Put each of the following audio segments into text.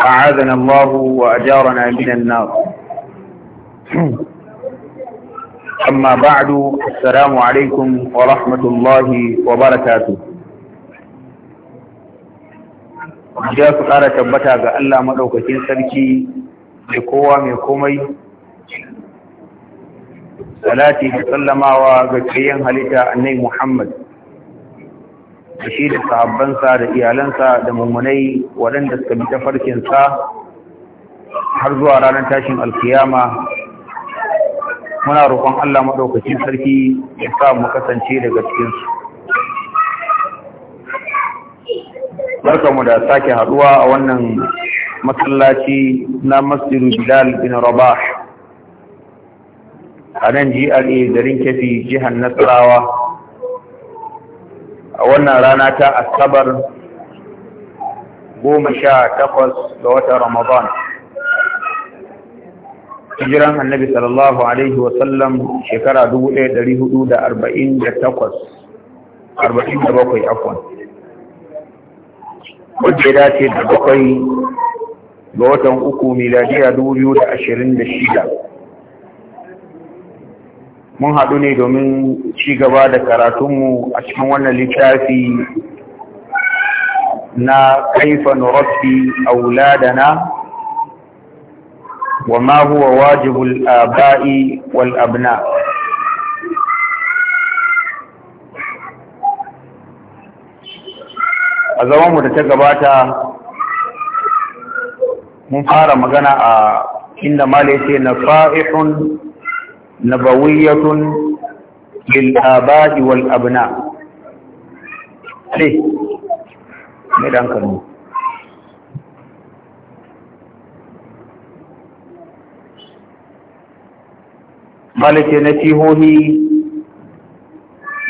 أعاذنا الله وأجارنا من النار أما بعد السلام عليكم ورحمة الله وبركاته Ya su ƙara tabbata ga Allah maɗaukacin sarki da kowa mai komai, salati da sallamawa ga kayan halitta annai Muhammad. da shi da sahabbansa da iyalansa da mummunai waɗanda suka bi tafarkinsa har zuwa ranar tashin alkiyama muna roƙon Allah maɗaukacin sarki ya sa mu kasance daga cikinsu. Barkanmu da sake haɗuwa a wannan masallaci na Masjidu Bilal bin Rabah a nan GRA garin Kefi jihar Nasarawa. a wannan rana ta asabar goma sha takwas ga watan ramadan hijiran annabi sallallahu alaihi wasallam shekara 1448 afon wadda ya dace da bakwai ga watan uku miladiya 2026 mun haɗu ne domin ci gaba da karatunmu a cikin wannan littafi na kaifa da na, wa ma huwa wajibul aba'i wal abna a zamanmu da ta gabata mun fara magana a inda malai ce na fa'ihun نبوية للآباء والأبناء ليه؟ ماذا أنكرني؟ malake na tihohi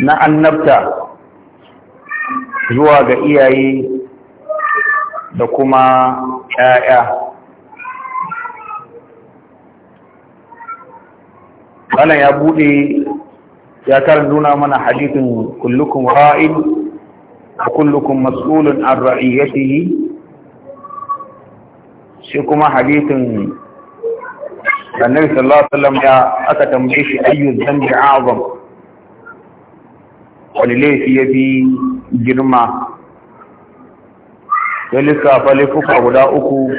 na annabta zuwa ga iyaye da kuma 'ya'ya wannan ya bude ya karin nuna mana hadithin kullukum ra'in wa kullukum mas'ulun an ra'iyatihi shi kuma hadithin annabi sallallahu alaihi wasallam ya aka tambaye shi ayyu dhanbi a'zam wani laifi ya fi girma ya lissafa laifuka guda uku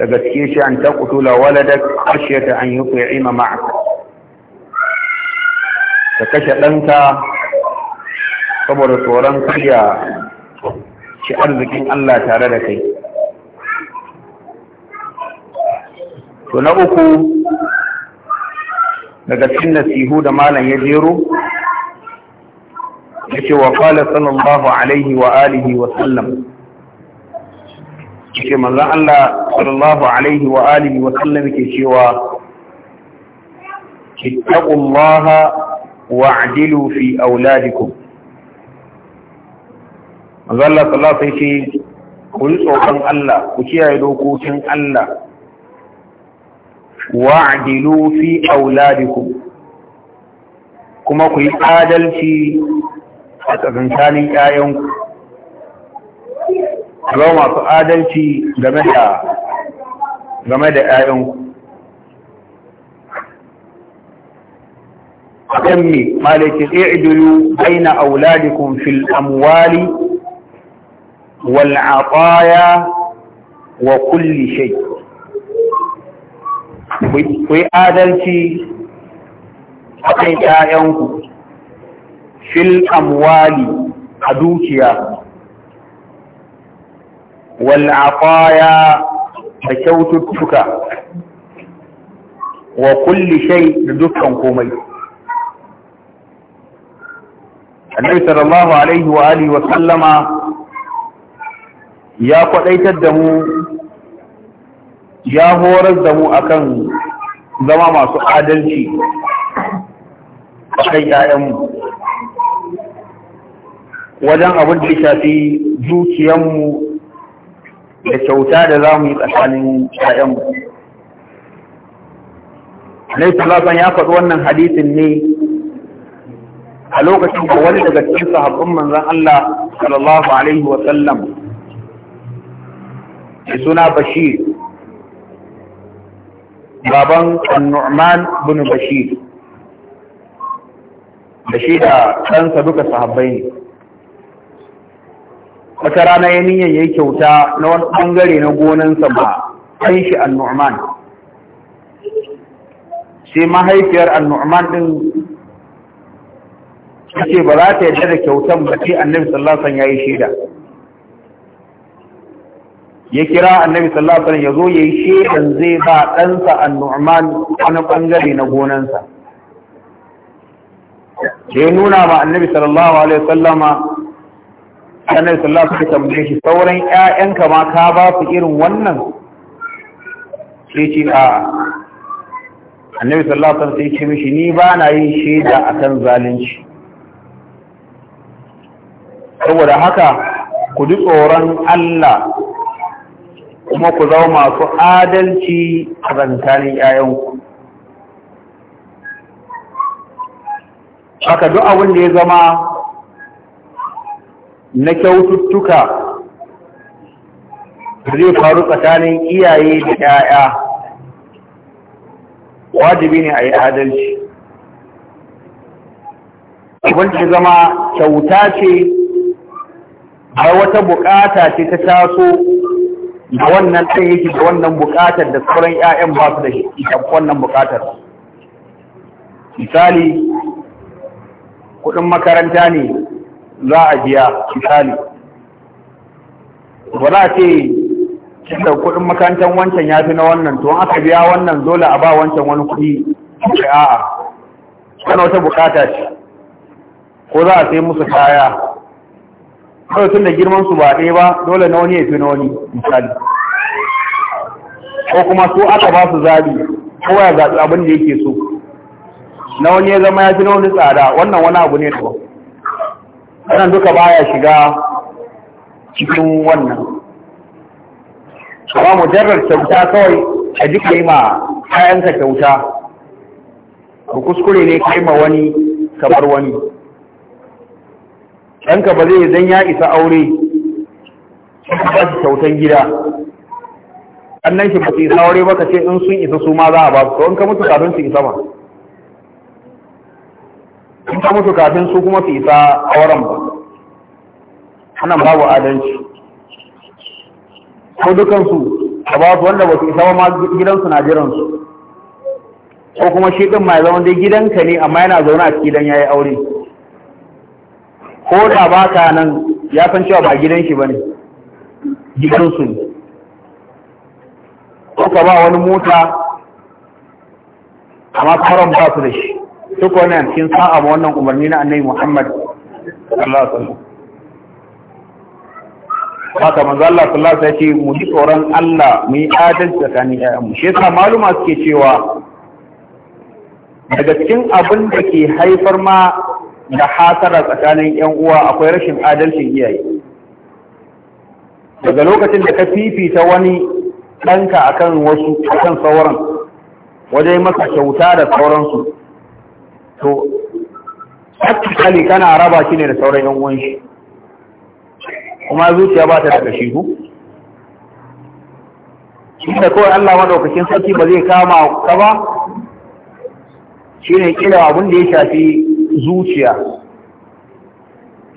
Da gaske shi an taqtula waladak khashyata an yut'ima ma'aka ta kashe ɗanka saboda tsoron karya ci arzikin Allah tare da kai to na uku daga cikin nasihu da malam ya jero yace wa qala sallallahu alaihi wa alihi wa sallam ke manzan Allah sallallahu alaihi wa alihi wa sallam ke cewa ittaqullaha wa'dilu fi auladikum manzan Allah sallallahu alaihi ce ku yi tsoron Allah ku kiyaye dokokin Allah wa'dilu fi auladikum kuma ku yi adalci a tsakankanin 'ya'yanku zama masu adalci game da yayanku da ƴaƴanku akan me malaki i'dilu baina auladikum fil amwali wal ataya wa kulli shay ku yi adalci akan yayanku fil amwali a dukiya wal'afaya da kyaututtuka wa kulli shai da dukkan komai annabi sallallahu alaihi wa wa sallama ya kwadaitar da mu ya horar da mu akan zama masu adalci kan 'ya'yan mu wajen abin da ya shafi zuciyarmu da kyauta da za mu yi tsakanin ƴaƴanmu Annabi sallallahu ya faɗi wannan hadisin ne a lokacin da wani daga cikin sahabban manzan Allah sallallahu alaihi wa da suna Bashir baban bin Bashir da shi da ɗansa duka sahabbai ne wata rana ya niyan yi kyauta na wani bangare na gonansa ba an shi annu'man sai mahaifiyar annu'man din ce ba za ta yadda da kyautan ba sai annabi sallasan ya yi shaida ya kira annabi sallasan ya zo ya yi shedan zai ba ɗansa annu'man wani bangare na gonansa sai nuna ma annabi sallallahu alaihi wasallama annabi sallallahu alaihi wasallam tambaye shi sauran ƴaƴanka ma ka ba su irin wannan sai ce a annabi sallallahu alaihi wasallam sai ce mishi ni ba na yin shaida akan zalunci saboda haka ku ji tsoron Allah kuma ku zama masu adalci a tsakanin ƴaƴanku haka duk abin da ya zama na kyaututtuka zai faru tsakanin iyaye da 'ya'ya wajibi ne a yi adalci abinci zama kyauta ce a wata bukata ce ta taso da wannan ɗan yake da wannan bukatar da sauran 'ya'yan ba su da ita wannan bukatar misali kuɗin makaranta ne za a biya misali ba za a ce kinda kuɗin makarantar wancan ya fi na wannan to aka biya wannan dole a ba wancan wani kuɗi ce a'a kana wata bukata ce ko za a sai musu kaya kawai tun da girman su ba ɗaya ba dole na wani ya fi na wani misali ko kuma su aka ba su zabi ko ya zaɓi abin da yake so na wani ya zama ya fi na wani tsada wannan wani abu ne daban wannan duka baya shiga cikin wannan amma mujarrar kyauta kawai a duk yi ma kayanka kyauta ku kuskure ne ka yi ma wani kamar wani ɗanka ba zai zan ya isa aure ba su kyautan gida annan shi ba su isa aure ba ka ce in sun isa su ma za a ba su in ka mutu kafin su isa ba in ta mutu kafin su kuma su isa auren ba hana babu adalci ko dukansu a ba su wanda ba su isa ma gidansu na jiransu ko kuma shi ɗin mai zama dai gidanka ne amma yana zaune a gidan ya yi aure ko da ba ka nan ya san cewa ba gidan shi ba ne gidansu ne ko ka ba wani mota amma karon ba su da shi duk wannan cikin sa'a ba wannan umarni na annabi Muhammad sallallahu alaihi haka manzo Allah sallallahu alaihi wasallam ya ce mu ji Allah mu yi adalci tsakanin ƴaƴanmu shi yasa maluma suke cewa daga cikin abin da ke haifar ma da hasara tsakanin ƴan uwa akwai rashin adalcin iyaye daga lokacin da ka fifita wani ɗanka akan wasu akan sauran wajen masa kyauta da sauransu to kali kana raba shi ne da sauran yan uwan shi kuma zuciya ba ta daga shi shi da kawai Allah madaukakin sarki ba zai kama ka ba shi ne kila abin da ya shafi zuciya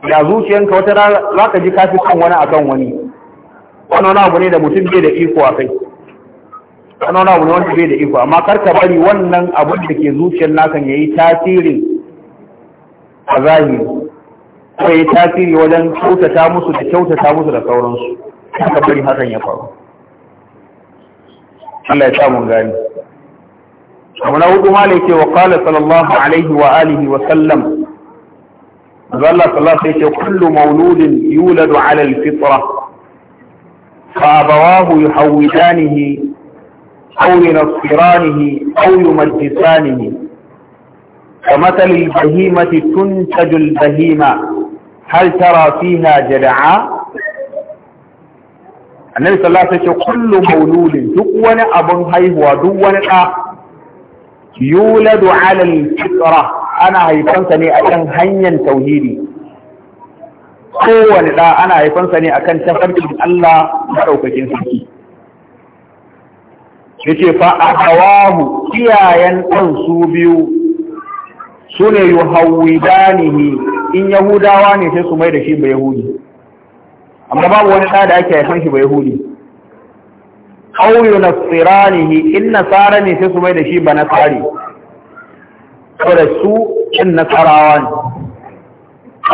da zuciyanka wata za ka ji kafi kan wani akan wani wani abu ne da mutum bai da iko a kai wani wani abu wanda bai da iko amma kar ka bari wannan abin da ke zuciyar naka ya yi tasirin a zahiri ko ya yi tasiri wajen kyautata musu da kyautata musu da sauransu kar ka bari hakan ya faru Allah ya sa mun gani abu na hudu malai ce wa qala sallallahu alaihi wa alihi wa sallam Allah sallallahu alaihi ce kullu mauludin yuladu ala al-fitra fa abawahu yuhawidanihi أو لنصرانه أو يمجسانه كمثل البهيمة تنتج البهيمة هل ترى فيها جدعاء النبي صلى الله عليه وسلم كل مولود دون أبن هيهوى دون أه يولد على الفطرة ana haifansa ne akan hanyar tauhidi kowane da ana haifansa ne akan tafarkin Allah maɗaukakin sarki yace fa ahawahu iyayen ɗan su biyu su ne yuhawwidanihi in yahudawa ne sai su mai da shi ba yahudi amma babu wani ɗa da ake haifan shi ba yahudi aw yunasiranihi in nasara ne sai su mai da shi ba nasari saboda su in nasarawa ne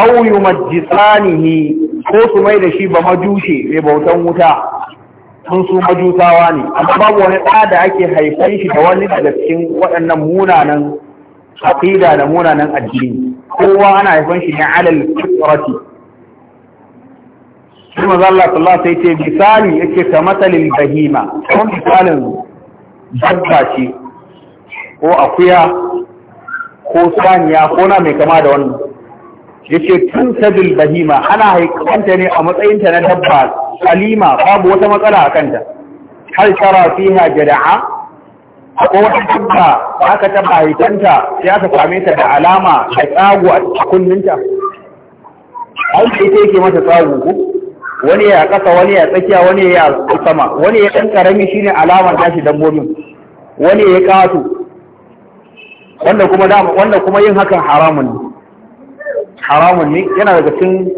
aw yumajjisanihi ko su mai da shi ba majushe mai bautan wuta sun su majusawa ne amma babu wani ɗa da ake haifan shi da wani daga cikin waɗannan munanan aqida da munanan addini kowa ana haifan shi ne alal fitrati shi maza Allah sallallahu alaihi ce misali yake ka masalin bahima kuma misalin dabba ce ko akuya ko saniya ko na mai kama da wannan yace tuntadul bahima ana haikanta ne a matsayin ta na dabba salima babu wata matsala a kanta hal tara fiha jada'a akwai wata dabba aka taba haikanta sai aka same ta da alama da tsago a kunninta an ce take yake mata tsago ko wani ya kasa wani ya tsakiya wani ya sama wani ya dan karami shine alamar tashi dabbobin wani ya kasu wanda kuma wanda kuma yin hakan haramun ne haramun ne yana daga cikin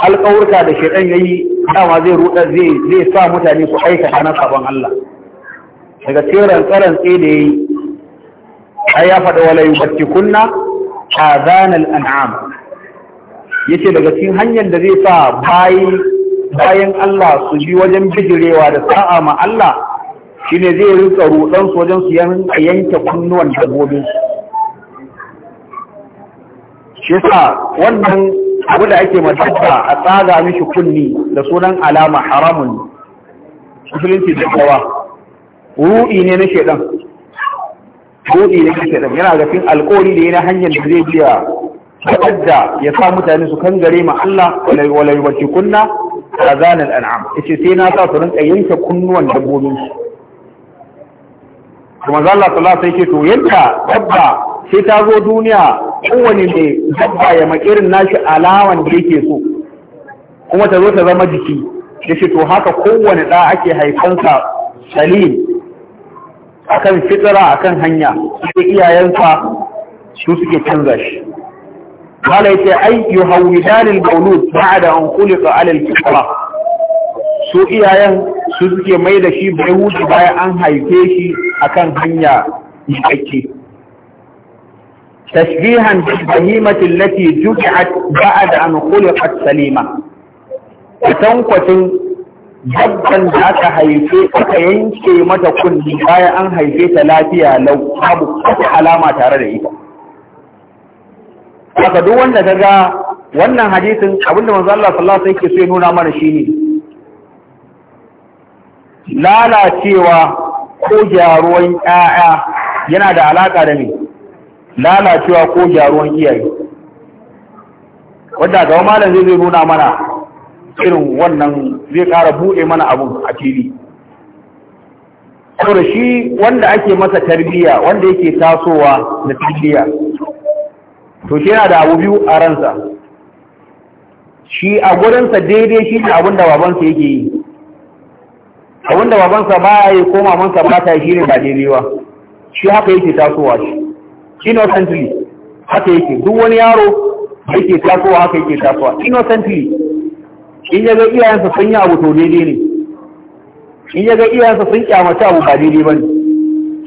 alƙawurka da shaidan yayi dama zai ruɗa zai sa mutane su aika na sabon Allah daga tseren tse da yayi ai ya faɗa wala yubtikunna azanal an'am yace daga cikin hanyar da zai sa bayan Allah su bi wajen bijirewa da sa'a ma Allah shine zai rinka ruɗansu wajen su yanke kunnuwan dabbobinsu shi yasa wannan abu da ake matasa a tsaga mishi kunni da sunan alama haramun musulunci da kowa ru'i ne na shaidan, ru'i ne na shaidan. yana gafin fin da yana hanyar da zai biya wadda ya sa mutane su kangare ma Allah wala yuwati kunna zanen al'am yace sai na sa su rinka yanke kunnuwan dabbobin su kuma Allah sallallahu sai ke to yanka dabba sai ta zo duniya kowane mai dabba ya makirin nashi alawan da yake so kuma ta zo ta zama jiki da shi to haka kowane ɗa ake haifansa salim akan a akan hanya suke iyayensa su suke canza shi ya ce ai yuhawwidan al-mawlud da an kuli 'ala al su iyayen su suke mai da shi bai wuce bayan an haife shi akan hanya yake تشبيها بالبهيمة التي جمعت بعد أن خلقت سليمة وتنقة dabban da aka haife aka yanke mata kunni bayan an haife ta lafiya lau babu wata alama tare da ita haka duk wanda kaga wannan hadisin abinda manzo Allah yake so nuna mana shine lalacewa ko gyaruwan 'ya'ya yana da alaka da me lalacewa ko gyaruwan iyaye wadda ga malam zai zai nuna mana irin wannan zai kara buɗe mana abu a fili saboda shi wanda ake masa tarbiyya wanda yake tasowa na tarbiyya to shi yana da abu biyu a ransa shi a gurinsa daidai shi ne abin da babansa yake yi abin da babansa ba ya yi ko mamansa ba ta yi shi ne ba daidai ba shi haka yake tasowa shi innocently haka yake duk wani yaro yake tasowa haka yake tasowa innocently in ya ga iyayensa sun yi abu to daidai ne in ya ga iyayensa sun kyamata abu ba daidai ba ne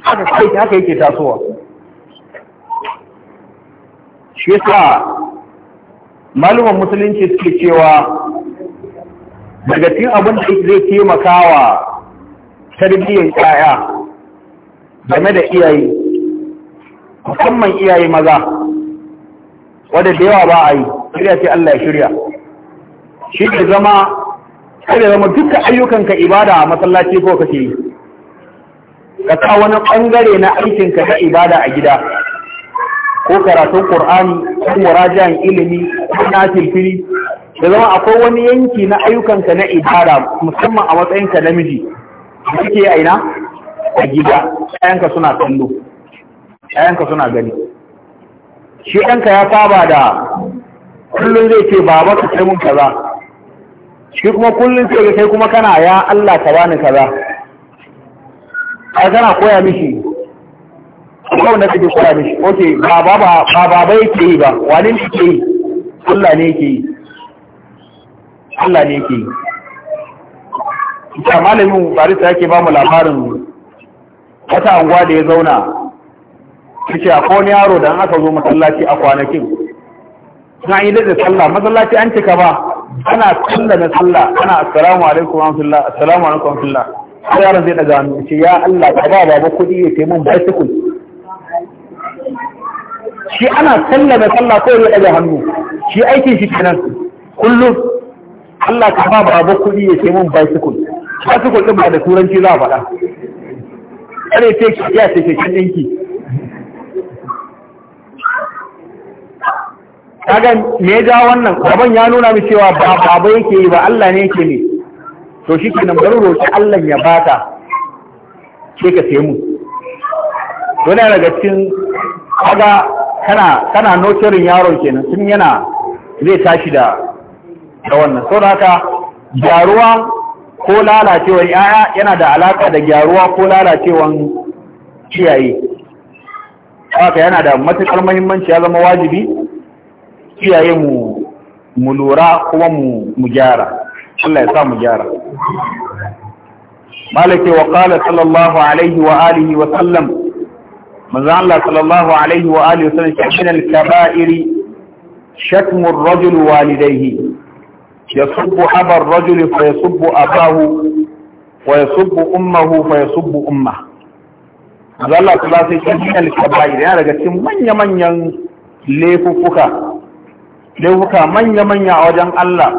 haka haka yake tasowa shi yasa maluman musulunci suke cewa daga cikin abin da zai taimakawa tarbiyyar ƙaya game da iyaye musamman iyaye maza wadda da yawa ba a yi shirya ce Allah ya shirya shi ke zama kada zama dukkan ayyukanka ibada a masallaci ko kake yi ka ta wani ɓangare na aikinka na ibada a gida ko karatun ƙur'ani ko murajiyar ilimi ko nafilfili da zama akwai wani yanki na ayyukanka na ibada musamman a matsayinka namiji da kake yi a ina a gida ayanka suna kallo ƴaƴanka suna gani shi ɗanka ya saba da kullum zai ce ba ba su taimun kaza shi kuma kullum sai da kai kuma kana ya Allah ta bani kaza ai kana koya mishi kuma wanda kake koya mishi oke ba ba ba baba yake yi ba wani ne yake yi Allah ne yake yi Allah ne yake yi ita malamin barista yake ba mu labarin wata anguwa da ya zauna yace a wani yaro dan aka zo masallaci a kwanakin na yi da sallah masallaci an cika ba ana na sallah ana assalamu alaikum rahmatullah assalamu alaikum rahmatullah sai yaron zai daga hannu ce ya Allah ka ba baba kuɗi ya kai mun bicycle shi ana na sallah ko ya daga hannu shi aikin shi kenan kullum Allah ka ba baba kuɗi ya kai mun bicycle bicycle din ba da turanci za a faɗa kare ce ya ce ke kin dinki kaga me ya ja wannan abin ya nuna mi cewa ba baba yake yi ba Allah ne yake ne to shi nan bari roƙi Allah ya baka sai ka sai mu to ne daga cikin kaga kana kana notirin yaron kenan tun yana zai tashi da da wannan da haka gyaruwa ko lalacewa yaya yana da alaka da gyaruwa ko lalacewan kiyaye. haka yana da matuƙar muhimmanci ya zama wajibi kiyaye mu mu lura kuma mu gyara Allah ya sa mu gyara malake wa qala sallallahu alaihi wa alihi wa sallam manzo Allah sallallahu alaihi wa alihi wa sallam shakina al-kaba'iri شتم الرجل والديه fa أبا الرجل فيصب أباه ويصب أمه فيصب أمه Allah ta ba sai cikin alkabair ya daga cikin manya-manyan laifuffuka laifuka manya-manya a wajen Allah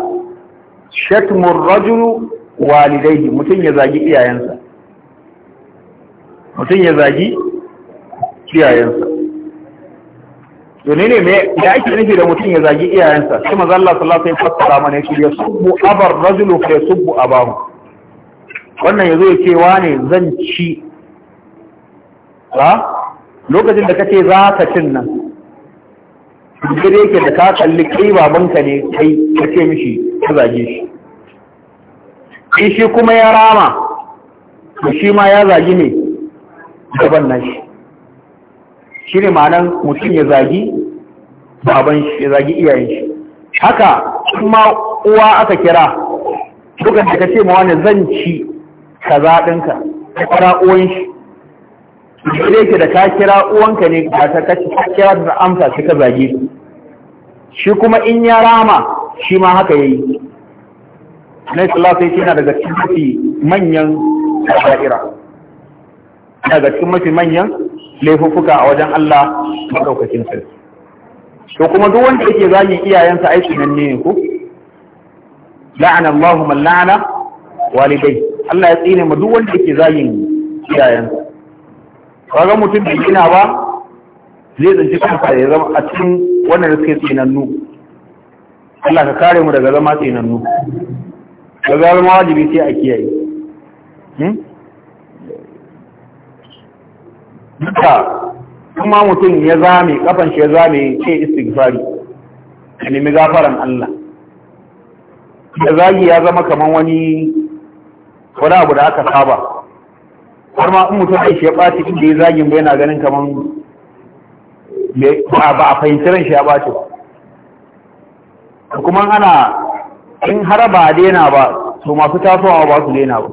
shatmur rajulu walidaihi mutum ya zagi iyayensa mutum ya zagi iyayensa yone ne me ake nufi da mutum ya zagi iyayensa shi maza Allah sallallahu alaihi wasallam fassara mana shi ya subbu abar rajulu fa yasubbu abahu wannan yazo ya ce wane zan ci ha lokacin da kace za ka cin nan gare yake da ka kalli kai babanka ne kai ka ce mishi ka zage shi kai shi kuma ya rama to shi ma ya zagi ne gaban nan shi shi ne ma'anan mutum ya zagi baban shi ya zagi iyayen shi haka kuma uwa aka kira dukkan da ka ce ma wani zan ci ka zaɗinka ka fara uwan shi dole ke da ka kira uwanka ne ka ta kashi ka kira da amsa sai ka zage su shi kuma in ya rama shi ma haka yayi Annabi sallallahu alaihi shi yana daga cikin mafi manyan da'ira daga cikin mafi manyan laifuffuka a wajen Allah madaukakin sarki to kuma duk wanda yake zagin iyayensa aiki nan ne ku? la'ana Allahu man la'ana walidai Allah ya tsine ma duk wanda yake zagin iyayensa kaga mutum bai gina ba zai tsinci kansa ya zama a cikin wannan da suke tsinannu Allah ka kare mu daga zama tsinannu Da zama wajibi sai a kiyaye hmm? duka kuma mutum ya zame kafan shi ya zame ce istighfari ka nemi gafaran Allah da zagi ya zama kaman wani wani abu da aka saba har ma in mutum aiki ya ɓaci inda ya zagin ba yana ganin kamar ba a fahimci ran shi ya ɓaci ba kuma ana in har ba a daina ba to masu tasowa ba su daina ba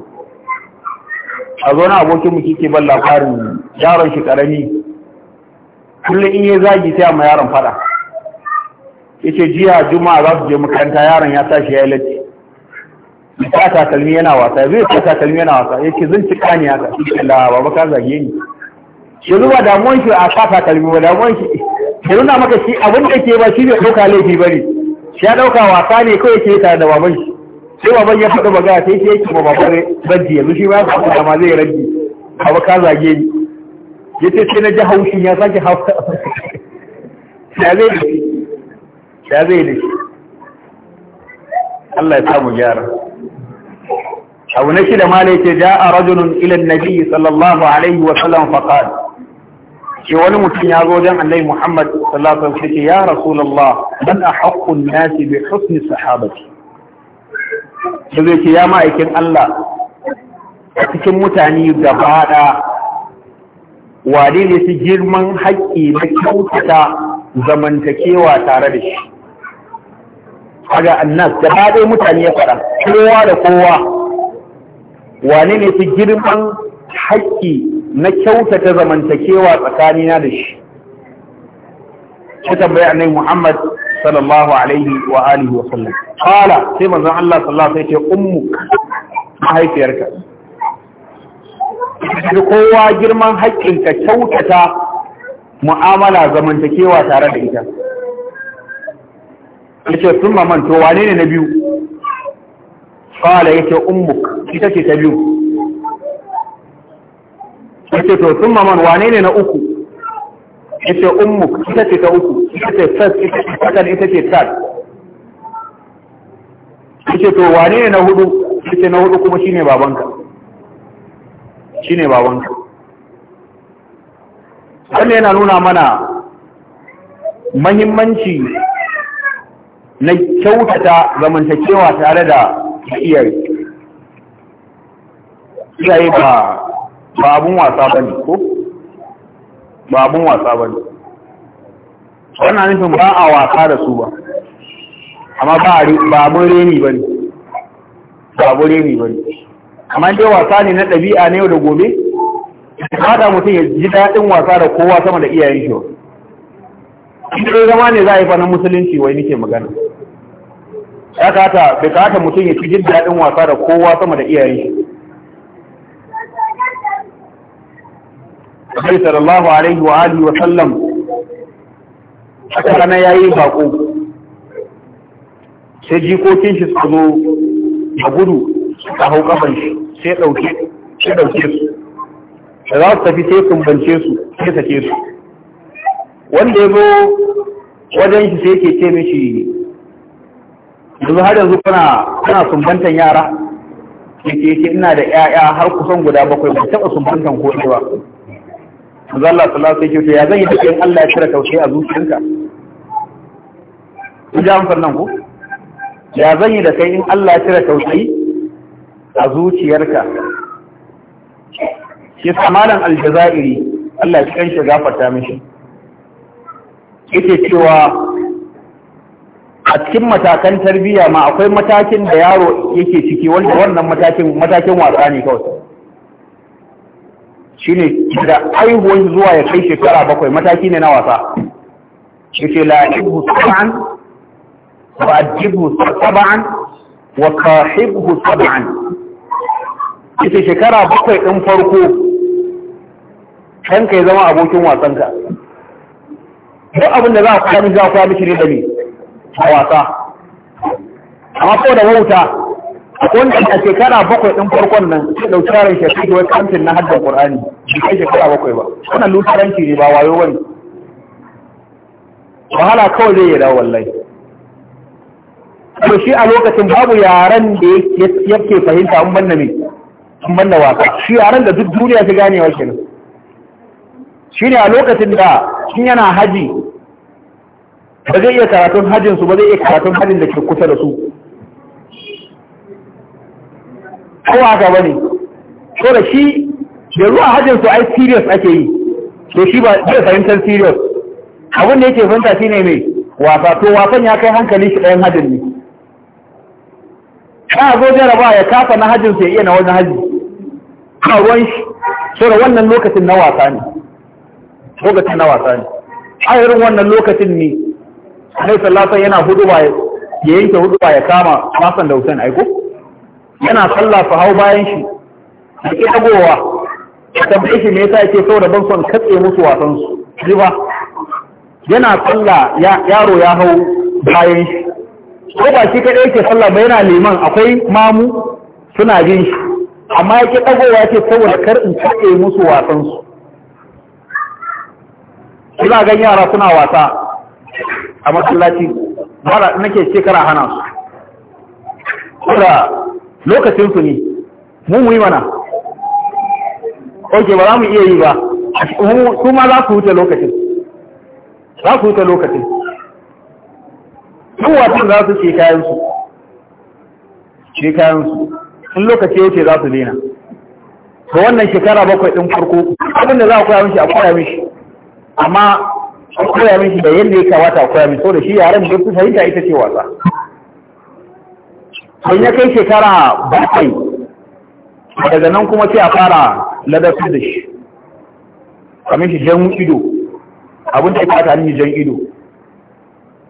a zo na abokin mu kike ban labarin yaron shi karami kullum in ya zagi sai amma yaron fada yace jiya juma'a za su je makaranta yaron ya tashi ya yi latti ta takalmi yana wasa zai ta takalmi yana wasa yake zan ci kani haka la baba ka zage ni yanzu ba damuwan shi a sa takalmi ba damuwan shi ya nuna maka shi abin da ke ba shi bai ɗauka laifi ba ne shi ya ɗauka wasa ne kawai ke tare da baban shi sai baban ya faɗi magana sai shi yake ma baban raji yanzu shi ba ya samu dama zai raji baba ka zage ni ya ce sai na ji haushi, ya sake hausa ya zai ya zai da shi Allah ya samu gyara abu na shida ma laice ja a rajulun ilan nabi sallallahu alaihi wa sallam faqal ce wani mutum ya zo wajen annabi muhammad sallallahu alaihi wa sallam ya rasulullah man ahaqqu an-nasi bi husni sahabati da zai ce ya ma'aikin Allah a cikin mutane gaba da wane ne su girman haƙƙi na kyautata zamantakewa tare da shi kaga annas gaba ɗaya mutane ya faɗa kowa da kowa wane ne fi girman haƙƙi na kyautata zamantakewa tsakanina da shi shi tambaya annabi Muhammad sallallahu alaihi wa alihi wa sallam qala sai manzon Allah sallallahu alaihi ya ce ummuk mahaifiyarka shi kowa girman haƙƙin ka kyautata mu'amala zamantakewa tare da ita yace sun mamanto wane ne na biyu qala yace ummuk ita ce ta biyu yace to thumma man wane ne na uku yace ummuk ita ce ta uku ita ce first ita ce second ita ce to wane ne na hudu yace na hudu kuma shine babanka shine babanka wannan yana nuna mana mahimmanci na kyautata zamantakewa tare da da iyaye iyaye ba babun wasa ba ne ko Babun wasa ba ne wannan nufin ba a wasa da su ba amma ba abun reni ba ne ba reni ba ne amma dai wasa ne na ɗabi'a ne yau da gobe kada mutum ya ji daɗin wasa da kowa sama da iyayen shi wa. Ɗan zama ne za a yi fa na musulunci wai nike magana. ya kata bai kata mutum ya fi jin daɗin wasa da kowa sama da iyaye Nabi sallallahu alaihi wa alihi wa sallam aka rana yayi bako sai jikokin shi su zo a gudu a hau kafan shi sai ɗauke sai ɗauke su da za su tafi sai kumbance su sai sake su wanda ya zo wajen shi sai ke ce mishi yanzu har yanzu kuna kuna sumbantan yara yake yake ina da ƴaƴa har kusan guda bakwai ba taɓa sumbantan ko ba yanzu Allah sallallahu alaihi wasallam ya zan yi dukkan Allah ya cire tausayi a zuciyarka ku ji amsar nan ku ya zan yi da kai in Allah ya cire tausayi a zuciyarka shi samalan aljazairi Allah ya kan gafarta mishi yake cewa a cikin matakan tarbiyya ma akwai matakin da yaro yake ciki wanda wannan matakin matakin wasa ne kawai shine da haihuwar zuwa ya kai shekara bakwai mataki ne na wasa yace la'ibu sab'an wa ajibu sab'an wa kahibhu sab'an yace shekara bakwai din farko kanka ya zama abokin wasanka duk abin da za a kwani za a kwani shi ne da ni a wasa amma ko da wauta wanda a shekara bakwai ɗin farkon nan sai ɗauki yaron shekaru wani kamfin na haddon ƙur'ani bai kai shekara bakwai ba wannan lutaranci ne ba wayo wani wahala kawai zai yi dawo wallai. to shi a lokacin babu yaren da yake fahimta an banna me an banna wasa shi yaren da duk duniya ta gane wa kenan shi ne a lokacin da shi yana haji ba zai iya karatun hajjin su ba zai iya karatun hajjin da ke kusa da su ko gaba ne ko da shi da ruwa hajjin su ai serious ake yi to shi ba zai fahimtar serious abin da yake fahimta ne mai wasa to wasan ya kai hankali shi ɗayan hajjin ne ka zo jaraba ya kafa na hajjin su ya iya na wani hajji a ruwan shi so da wannan lokacin na wasa ne lokacin na wasa ne a irin wannan lokacin ne Annabi sallallahu yana hudu huduba ya yanke ba ya kama masan da Hussein aiko yana sallah su hau bayan shi da ki dagowa tambaye shi me yasa yake saboda ban son katse musu wasan su ba yana sallah yaro ya hau bayan shi ko ba shi kadai yake sallah ba yana neman akwai mamu suna jin shi amma yake dagowa yake saboda kar in katse musu wasan su gan yara suna wasa a masallaci mara nake shekara hana su kula lokacin su ne mu mu yi mana oke ba za mu iya yi ba su ma za ku wuce lokacin za ku wuce lokacin su wasan za su ce kayansu ce kayansu in lokaci yau ce za su dena ga wannan shekara bakwai ɗin farko abinda za a koya mishi a kwaya mishi amma an koya min da yadda ya kamata a koya min so da shi yaren da fi fahimta ita ce wasa don ya kai shekara bakwai daga nan kuma sai a fara ladabtar da shi kamin shi jan ido abin da ya kamata an yi jan ido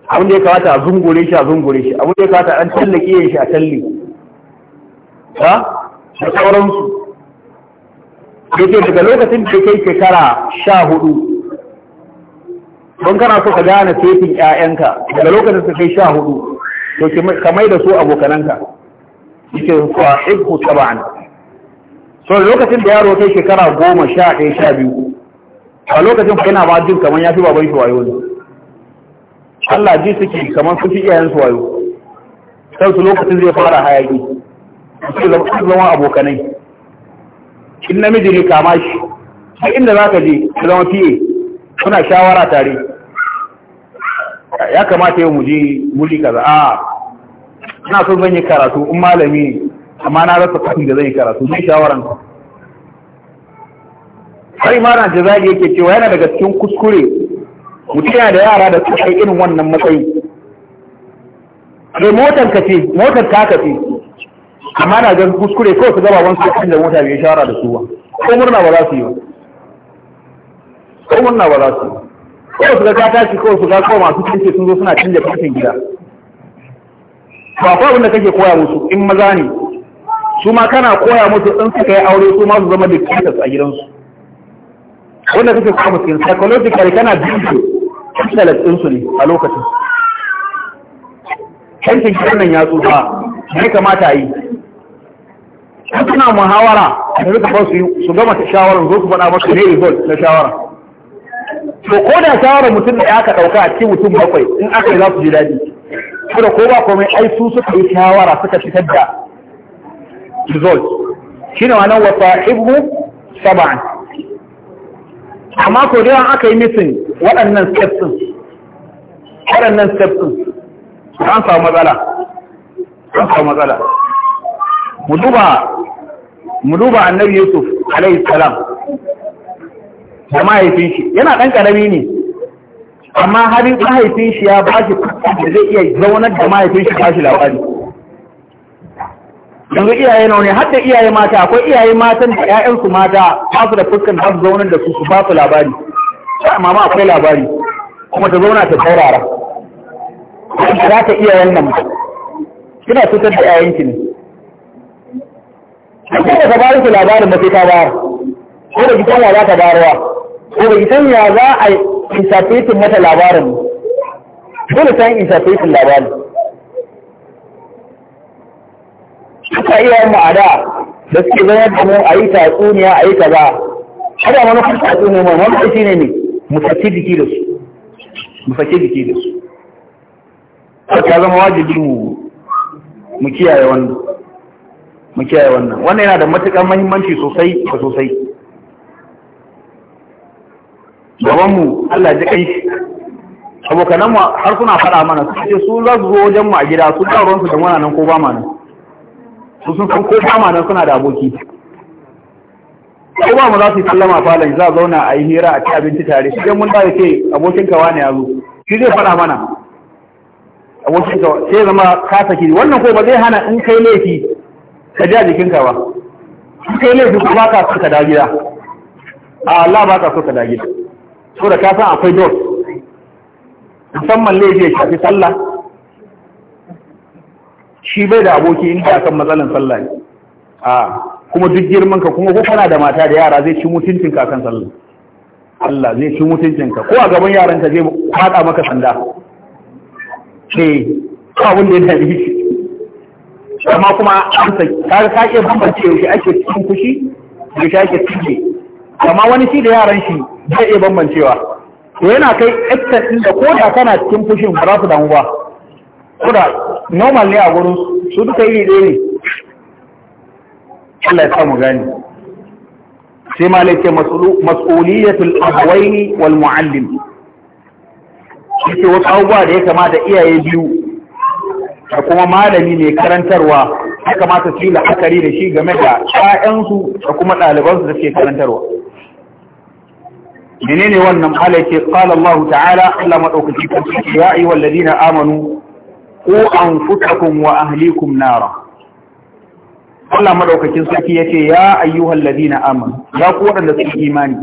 abin da ya kamata a zungure shi a zungure shi abin da ya kamata an tallake yin shi a talle ba da sauransu da ke daga lokacin da ya kai shekara sha hudu don kana so ka gane tefin 'ya'yanka daga lokacin su kai sha hudu to ka mai da su abokananka kwa sahibku taba'an so lokacin da yaro kai shekara goma sha ɗaya sha biyu a lokacin na ba jin kamar ya fi baban shi wayo ne Allah ji suke kamar su fi iyayen su wayo sai su lokacin zai fara hayaki su zama abokanai in namiji ne kama shi sai inda za ka je su zama fiye suna shawara tare ya kamata yau muji muli kaza a ina so zan yi karatu in malami ne amma na rasa kafin da zan yi karatu zai shawaran ku ma imara jazali yake cewa yana daga cikin kuskure mutum yana da yara da suka irin wannan matsayi sai motar ka ce motar ta ka ce amma na ga kuskure kawai su gaba wani su da mota bai shawara da su ba ko murna ba za su yi ba ko murna ba za su ko su ga ta tashi ko su ga ko masu kince sun zo suna canja kafin gida ba ko abin da kake koya musu in maza ne su ma kana koya musu in suka yi aure su ma su zama da dictators a gidansu wanda kake koya musu in psychological kana bincike da ɗinsu ne a lokacin kankin kiran ya tsufa ne kamata yi Kuna muhawara da suka ba su gama ta shawarar zo su faɗa maka ne result na shawara to ko da shawara mutum da ya ka ɗauka a cikin mutum bakwai in aka yi za su ji daɗi kuma ko ba komai ai su suka yi shawara suka fitar da result shine nan wata ibu saba'an amma ko da aka yi mitin waɗannan steps waɗannan steps din an samu matsala an samu matsala mu duba mu duba annabi yusuf alaihi salam da mahaifin shi yana ɗan ƙarami ne amma har mahaifin shi ya ba shi da zai iya zaunar da mahaifin shi ba shi labari yanzu iyaye na wani har da iyaye mata akwai iyaye matan da ƴaƴansu mata ba su da fuskan har zaunar da su su ba su labari sai mama akwai labari kuma ta zauna ta saurara ba za ta iyayen nan kina cutar da ƴaƴanki ne a kuma ta ba su labarin ba sai ta bayar ko da gidan wa za ta bayarwa ko bai san ya za a isafetin mata labarin dole san isafetin labarin suka iya yin ma'ada da suke zama da mu a yi tatsuniya a yi kaza kada wani kuma tatsuniya mai wani shi ne ne mu sake jiki da su mu sake jiki da su ta zama wajibi mu mu kiyaye wannan mu kiyaye wannan wannan yana da matuƙar muhimmanci sosai da sosai gabanmu Allah ji kai abokanan mu har suna faɗa mana su ce su za su zo wajen mu a gida su da ruwansu da nan ko ba ma nan su sun san ko ba ma nan suna da aboki ko ba mu za su yi sallama falon za a zauna a yi hira a ci abinci tare shi mun da yake abokin ka wani ya zo shi zai faɗa mana abokin ka sai zama ka saki wannan ko ba zai hana in kai laifi ka ji a jikinka ba in kai laifi ko ba ka so ka da gida a Allah ba ka so ka da gida so da kasan akwai dot, musamman laifin ya shafi sallah shi bai da aboki inda akan matsalin sallah ne a kuma duk girman ka kuma kuka na da mata da yara zai ci mutuncin ka kan sallah Allah zai ci mutuncin ka ko a gaban yaran ka zai fada maka sanda ce eh, ko abin da ya shi amma kuma an ka ka ke bambance yaushe ake cikin kushi yaushe ake cikin amma wani shi da yaran shi zai iya bambancewa to yana kai extent ɗin da ko da kana cikin fushin ba za su damu ba ko da normal ne a gurin su duka iri ɗaya ne Allah ya samu gani sai ma laifin mas'uliyatul abwaini wal mu'allim yake wasu abubuwa da ya kamata iyaye biyu da kuma malami mai karantarwa ya kamata su yi la'akari da shi game da 'ya'yansu da kuma ɗalibansu da suke karantarwa menene wannan ala ce qala Allah ta'ala Allah madaukaki kanki ya ayyuhal ladina amanu qu anfusakum wa ahlikum nara Allah madaukakin ya ce ya ayyuhal ladina amanu ya ku waɗanda suke imani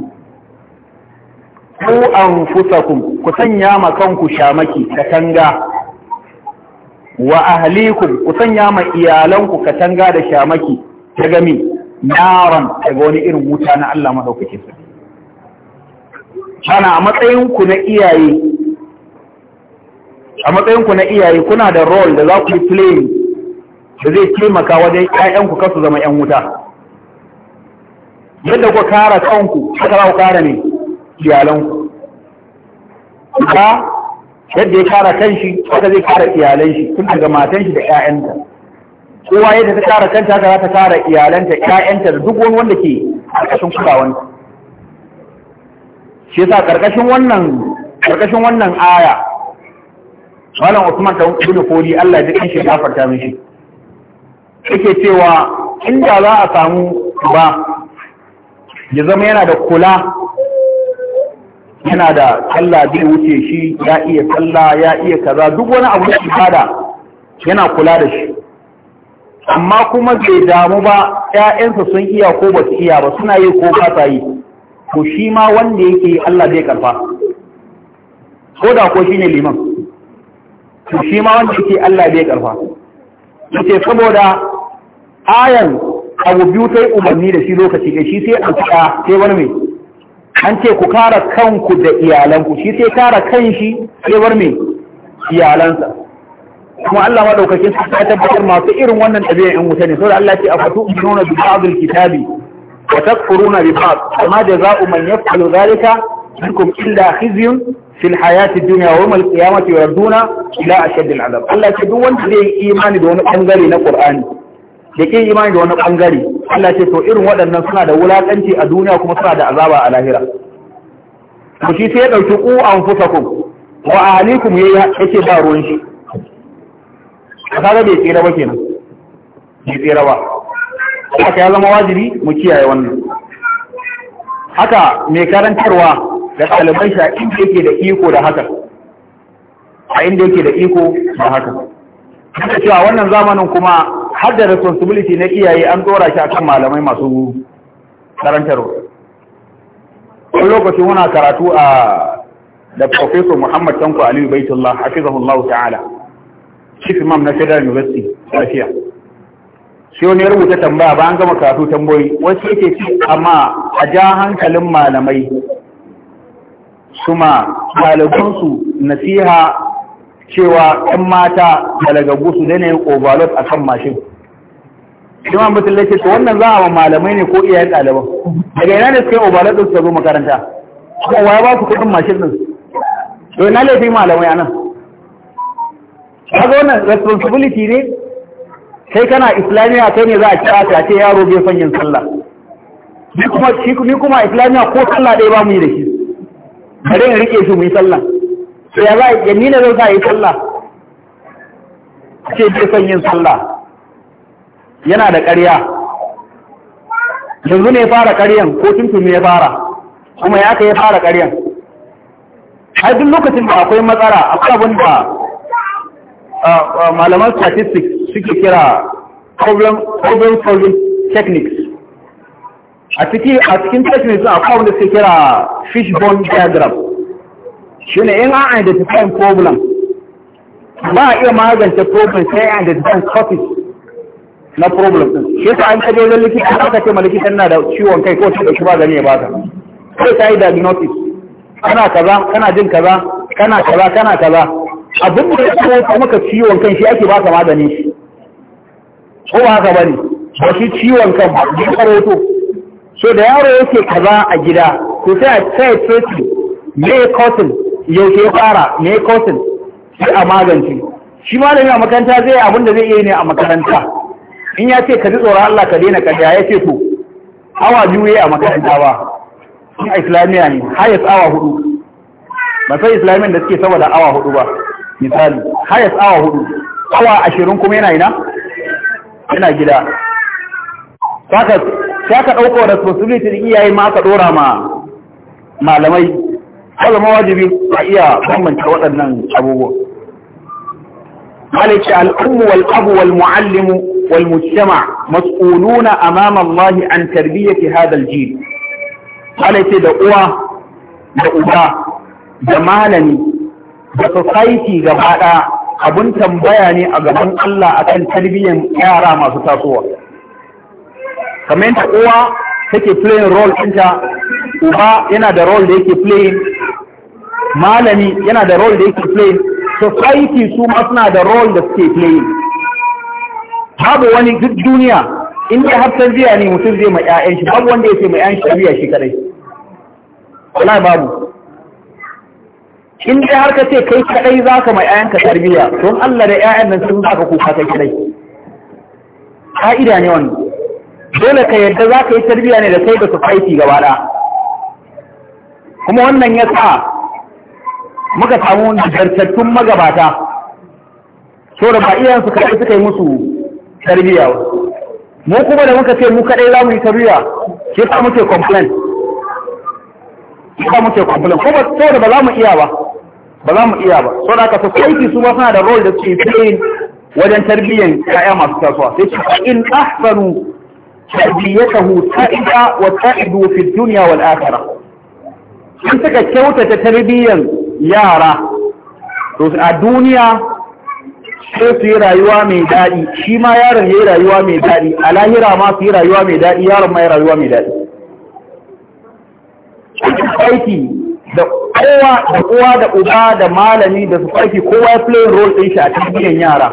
ku anfusakum ku sanya ma kanku shamaki katanga wa ahlikum ku sanya ma iyalanku katanga da shamaki ta gami naran daga wani irin wuta na Allah madaukakin sarki kana a matsayinku na iyaye a matsayinku na iyaye kuna da role da za ku yi playing da zai taimaka wajen ƴaƴanku kasu zama ƴan wuta yadda ku kara kanku haka za ku kara ne iyalanku ka yadda ya kara kanshi haka zai kara iyalan shi tun daga matan shi da ƴaƴanta kowa yadda ta kara kanta haka za ta kara iyalanta ƴaƴanta da duk wani wanda ke a ƙarƙashin kulawanta shi yasa karkashin wannan karkashin wannan aya Malam Usman ta ibn Fodi Allah ya dinka shi gafarta mishi yake cewa inda za a samu ba ya zama yana da kula yana da sallah bai wuce shi ya iya sallah ya iya kaza duk wani abu da ibada yana kula da shi amma kuma bai damu ba ƴaƴansa sun iya ko ba su iya ba suna yi ko ba sa yi to shi ma wanda yake Allah zai karfa ko da ko shine liman to shi ma wanda yake Allah zai karfa yace saboda ayan abu biyu tai umarni da shi lokaci kai shi sai an fada sai wani mai an ce ku kara kanku da iyalanku shi sai kara kanshi sai wani mai iyalansa kuma Allah madaukakin sa ta tabbatar masu irin wannan ɗabi'a in wuta ne saboda Allah ya ce afatu nuna bi ba'dil kitabi wa takfuruna bi ba'd amma jaza'u man yaf'alu dhalika minkum illa khizyun fil hayati dunya wa yawmal qiyamati yarduna ila ashaddil adab Allah ce duk wanda zai imani da wani bangare na Qur'ani da ke imani da wani bangare Allah ce to irin waɗannan suna da wulakanci a duniya kuma suna da azaba a lahira ku ya dauki ku anfusakum wa ba ruwan shi bai tsira ba kenan bai ba haka ya zama wajibi mu kiyaye wannan haka mai karantarwa da ɗaliban shi a inda yake da iko da haka a inda yake da iko da haka haka cewa wannan zamanin kuma har da responsibility na iyaye an dora shi akan malamai masu karantarwa wani lokaci muna karatu a da professor Muhammad Tanko Aliyu Baitullah hafizahullahu ta'ala chief imam na Federal University lafiya sai wani ya rubuta tambaya ba an gama karatu tambayoyi wasu yake ce amma a ja hankalin malamai suma malamansu nasiha cewa ɗan mata balagagu su daina yin overload a kan mashin shima mutum lake ta wannan za a wa malamai ne ko iyayen ɗaliban daga ina ne suka yi overload ɗin su zo makaranta kuma waya ba su kuɗin mashin ɗin to ina laifin malamai a nan kaga wannan responsibility ne kai kana islamiya kai ne za a kira ta ce yaro bai son yin sallah ni kuma ni kuma islamiya ko sallah dai ba mu yi da shi bare in rike shi mu yi sallah sai ya za ya nina zai sa yi sallah ce bai son yin sallah yana da ƙarya yanzu ne ya fara ƙaryan ko tuntun ya fara kuma ya ka ya fara ƙaryan har duk lokacin da akwai matsala akwai abin da Ah, ah, malaman statistics suke kira problem solving techniques a cikin techniques a kawai da suke kira fishbone diagram shi ne in an identify problem ba a iya magance problem sai an identify copies na problem shi sa an kaje wajen likita aka ce ma na da ciwon kai ko shi da shi ba gani ya bata sai ta yi diagnosis kana kaza kana jin kaza kana kaza kana kaza abin da ya kawo maka ciwon kan shi ake baka maganin shi ko ba haka bane ba shi ciwon kan ba ya karoto so da yaro yake kaza a gida to sai a sai tsoki me cotton yaushe ya fara me cotton sai a magance shi malami a makaranta zai abin da zai iya ne a makaranta in ya ce ka ji tsoron Allah ka daina kaza ya ce to awa biyu ya a makaranta ba a islamiya ne hayas awa hudu ba sai islamiyan da suke saboda awa hudu ba misali hayas awa hudu awa ashirin kuma yana ina yana gida saka saka dauko responsibility din iyaye ma ka ɗora ma malamai kaza ma wajibi a iya bambanta waɗannan abubuwa malaki al'ummu wal abu wal muallimu wal mujtama mas'uluna amama Allah an tarbiyati hadha al jil malaki da uwa da uba da malami da society gaba ɗaya abun tambaya ne a gaban Allah akan tarbiyyar yara masu tasowa kamar yadda uwa take playing role ɗinta uba yana da role da yake playing malami yana da role da yake playing society su ma suna da rol da suke playing babu wani duk duniya in dai har tarbiyya ne mutum zai ma 'ya'yan shi babu wanda ya ce ma 'ya'yan shi tarbiyya shi kadai wallahi babu in dai har ka ce kai kadai za ka mai ayanka tarbiyya don Allah da 'ya'yan nan sun zaka kuka kai kadai ka'ida ne wannan dole ka yadda za ka yi tarbiyya ne da sai da society gaba ɗaya kuma wannan ya sa muka samu nagartattun magabata so da ba iyansu kaɗai suka yi musu tarbiyya mu kuma da muka ce mu kaɗai za mu yi tarbiyya shi sa muke complain shi sa muke complain kuma so da ba za mu iya ba ba za mu iya ba so da ka society su ba suna da role da suke playing wajen tarbiyyar ƴaƴa masu tasowa sai ce in ahsanu tarbiyatahu ta'ida wa ta'idu fi dunya wal akhirah in suka kyautata tarbiyyar yara to a duniya sai su yi rayuwa mai daɗi shi ma yaron ya yi rayuwa mai daɗi a lahira ma su yi rayuwa mai daɗi yaron ma ya rayuwa mai daɗi aiki da kowa da kowa da uba da malami da su farki kowa ya play role din shi a cikin yara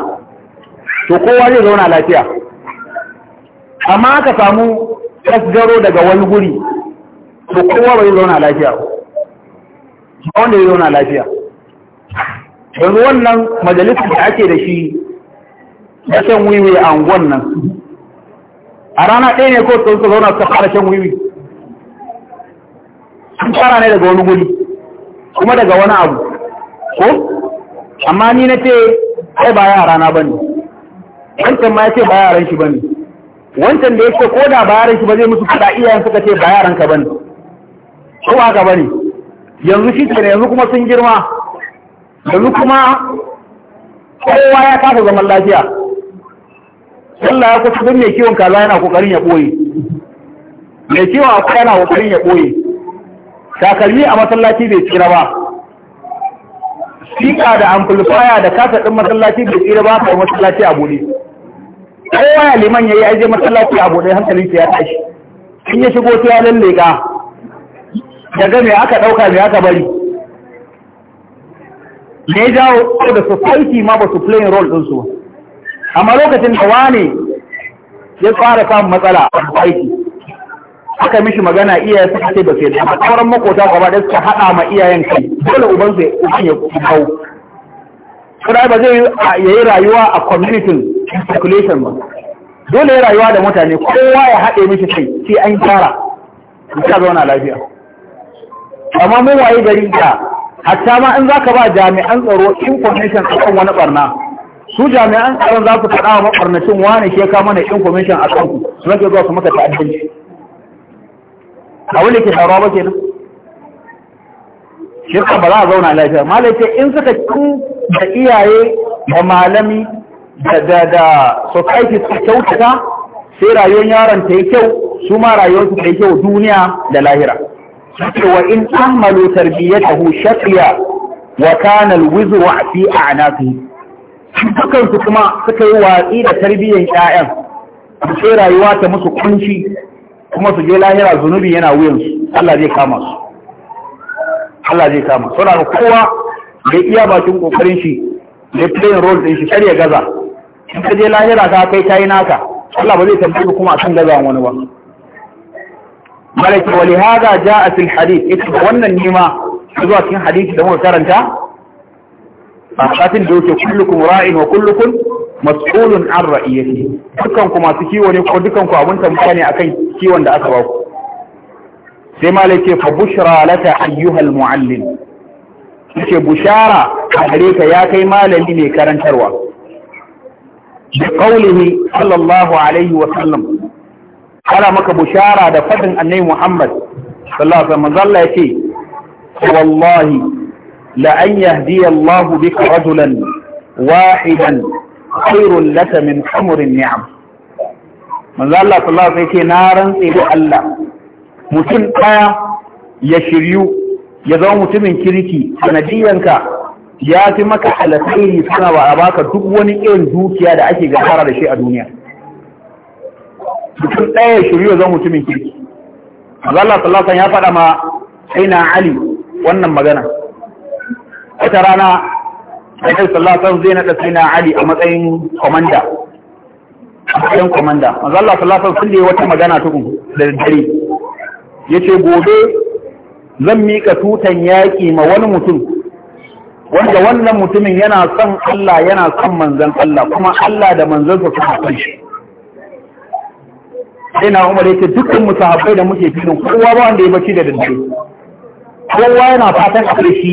to kowa zai zauna lafiya amma ka samu tasgaro daga wani guri to kowa bai zauna lafiya ba wanda ya zauna lafiya yanzu wannan majalisar da ake da shi da shan wiwi a unguwan nan a rana ɗaya ne ko tsohon zauna suka fara shan wiwi an fara ne daga wani guri kuma daga wani abu ko amma ni na ce ai ba yara na bane wancan ma ya ce ba yaran shi bane wancan da ya ce ko da ba yaran shi ba zai musu fada iyayen suka ce ba yaran ka bane ko haka bane yanzu shi ne yanzu kuma sun girma yanzu kuma kowa ya kasa zaman lafiya Allah ya kusa duk mai kiwon kaza yana kokarin ya ɓoye. mai kiwon akwai yana kokarin ya ɓoye. takalmi a masallaci bai tsira ba sika da amplifier da kasa ɗin masallaci bai tsira ba kai masallaci a buɗe kowa ya liman yayi aje masallaci a buɗe hankalin ya tashi in ya shigo ya lalleka daga me aka ɗauka me aka bari ne jawo da society ma ba su play role su? amma lokacin da wani ya fara samun matsala a society aka mishi magana iyaye suka ce ba su yadda ba sauran makota gaba ɗaya suka haɗa ma iyayen kai dole uban su uban ya kawo sai ba zai yayi rayuwa a community circulation ba dole ya rayuwa da mutane kowa ya haɗe mishi kai sai an tara ka zauna lafiya amma mun waye gari ka hatta ma in zaka ba jami'an tsaro information akan wani barna su jami'an tsaron za su faɗa wa mabarnacin wani shekaru mana information a kanku su rage zuwa su maka ta'addanci A wani ke faruwa ba ke nan? shi ba za a zauna lafiya malai ce in suka kun da iyaye da malami da da society suka kyautata sai rayuwar yaron ta yi kyau su ma rayuwar su ta yi kyau duniya da lahira suke wa in ahmalu tarbiyatahu shaqiya wa kana alwizru fi a'naqihi dukan su kuma suka yi watsi da tarbiyyar ƴaƴan sai rayuwa ta musu kunci kuma su je lahira zunubi yana wuyansu Allah zai kama su Allah zai kama suna da kowa da iya bakin kokarin shi da playing role din shi kar ya gaza in ka je lahira ka kai tayi naka Allah ba zai tambaye ka kuma akan gaza wani ba malaki wali hada jaa fil hadith ita wannan nima zuwa cikin hadisi da muka karanta a satin da yake kullukum ra'in wa kullukum mas'ulun an ra'iyati dukan ku masu kiwo ne ko dukan ku abun tambaya ne akai kiwon da aka ba ku sai ma ce fa bushra laka ayyuhal muallim yace bushara a gare ka ya kai malami mai karantarwa bi qawlihi sallallahu alaihi wa sallam ana maka bushara da fadin annabi Muhammad sallallahu alaihi wa sallam yace wallahi la an yahdiya Allah bika rajulan wahidan khairun laka min humrin ni'am manzo Allah sallallahu alaihi wasallam na rantse da Allah mutum daya ya shiryu ya zama mutumin kirki sanadiyanka ya fi maka alkhairi sana ba a baka duk wani irin dukiya da ake gahara da shi a duniya mutum daya ya shiryu ya zama mutumin kirki manzo Allah sallallahu alaihi wasallam ya faɗa ma aina Ali wannan magana wata rana Annabi sallallahu alaihi wasallam zai nada na Ali a matsayin komanda Yan komanda manzo Allah sallallahu alaihi wasallam wata magana tukun da dare yace gobe zan mika tutan yaki ma wani mutum wanda wannan mutumin yana son Allah yana son manzon Allah kuma Allah da manzon sa suka san shi sai na Umar yace dukkan musahabai da muke filin kowa ba wanda ya bacci da daddare kowa yana fatan a shi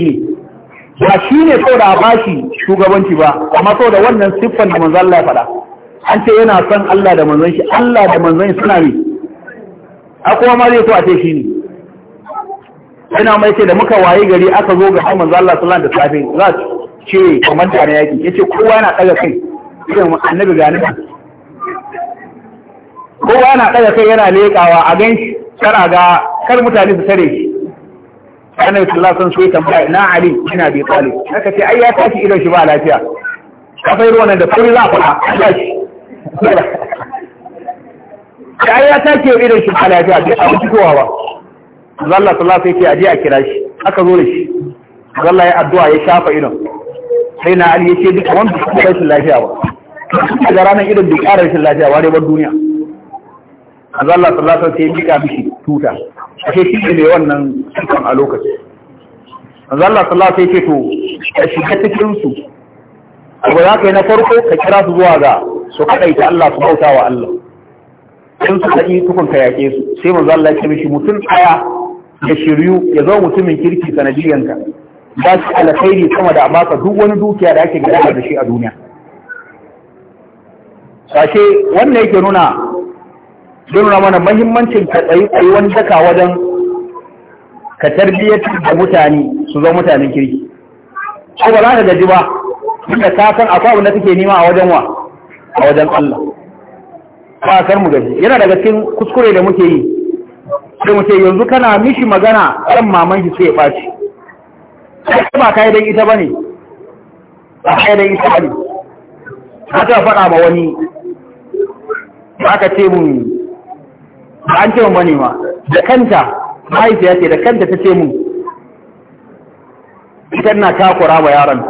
ne ba shi ne saboda a bashi shugabanci ba amma saboda wannan siffan da manzon Allah ya faɗa an ce yana son Allah da manzon shi Allah da manzon suna ne a kuma ma zai so a ce shi ne ina mai ce da muka waye gari aka zo ga manzo Allah sallallahu alaihi wasallam da safe za ce kamar da yaki yace kowa yana daga kai irin annabi gani kowa yana daga kai yana lekawa a gan shi kana ga kar mutane su tare shi annabi sallallahu alaihi wasallam sai tambaya na ali ina bi talib aka ce ai ya tashi idan shi ba lafiya kafai ruwan da sauri za a faɗa Allah shi ya ya take irin shi a lafiya bai samu fitowa ba zalla sallallahu alaihi wasallam ya a kira shi aka zo da shi zalla ya addu'a ya shafa idon sai na ali ce duka wanda suka shi lafiya ba a ga ranar idon bai ƙara rashin lafiya ba dai bar duniya azalla sallallahu alaihi wasallam sai ya mika mishi tuta a ke shi ne wannan cikin a lokaci. azalla sallallahu alaihi wasallam sai ce to a shiga cikin su abu za ka yi na farko ka kira su zuwa ga su kaɗaita Allah su bauta wa Allah in suka yi tukun ka yaƙe su sai manzo Allah ya mishi mutum ɗaya ya shiryu ya zo mutumin kirki sanadiyanka ba shi alkhairi sama da amaka duk wani dukiya da ake gada da shi a duniya sashe wannan yake nuna zai nuna mana mahimmancin ka tsayi tsayi wani daka wajen ka tarbiyyar da mutane su zo mutanen kirki ko ba za ka gaji ba tunda ka san akwai abin da kake nema a wajen wa a wajen Allah ba kar mu gaji yana daga cikin kuskure da muke yi sai muke yanzu kana mishi magana ɗan maman shi sai ɓaci. baci sai ba kai don ita ne, ba kai don ita bane ta faɗa ma wani ba ka ce mun ba an ce mun ne ma da kanta mahaifiya ce da kanta ta ce mun ita na takura wa yaron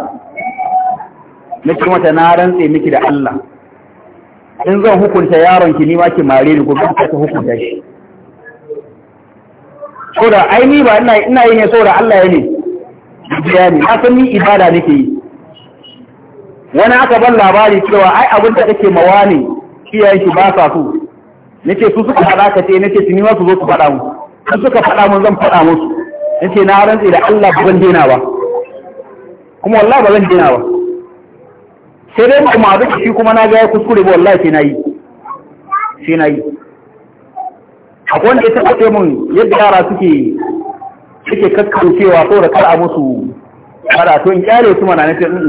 nake mata na rantse miki da Allah in zan hukunta yaron ki ni ma ki mare ni gobe ka ta hukunta shi saboda ai ni ba ina ina yi ne saboda Allah ya ne biya ni na san ni ibada nake yi wani aka ban labari cewa ai abin da kake mawa ne iyayen ki ba sa so nake su suka faɗa ka ce nake ki nima su zo su faɗa mu su suka faɗa mu zan faɗa musu nake na rantsi da Allah ba zan dena ba kuma wallahi ba zan dena ba sai dai ba ma shi kuma na ga ya kuskure ba wallahi sai na yi sai na yi akwai wanda ya taɓa ce mun yadda yara suke suke kakkancewa ko da kar musu karatu in kyale su mana nace in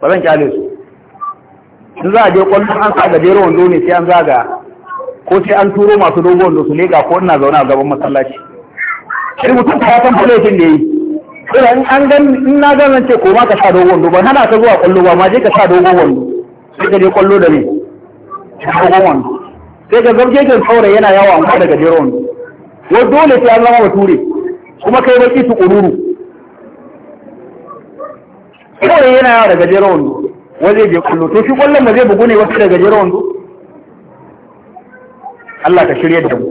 ba zan kyale su in za a je ƙwallon an sa gajeren wando ne sai an zaga ko sai an turo masu dogon wando su lega ko ina zaune a gaban masallaci sai mutum ta san laifin da yi ina in an gan in na ga nan ce ko ma ka sa dogon wando ban hana ka zuwa kwallo ba ma je ka sa dogon wando sai ka je kwallo da ne dogon wando sai ka gamje kan saurayi yana yawa amma daga jero wando wa dole sai an zama bature kuma kai baki su kururu saurayi yana yawa da gajeron wando waje je kwallo to shi kwallon ba zai bugu ne wasu da gajeron? wando Allah ka shirya da mu.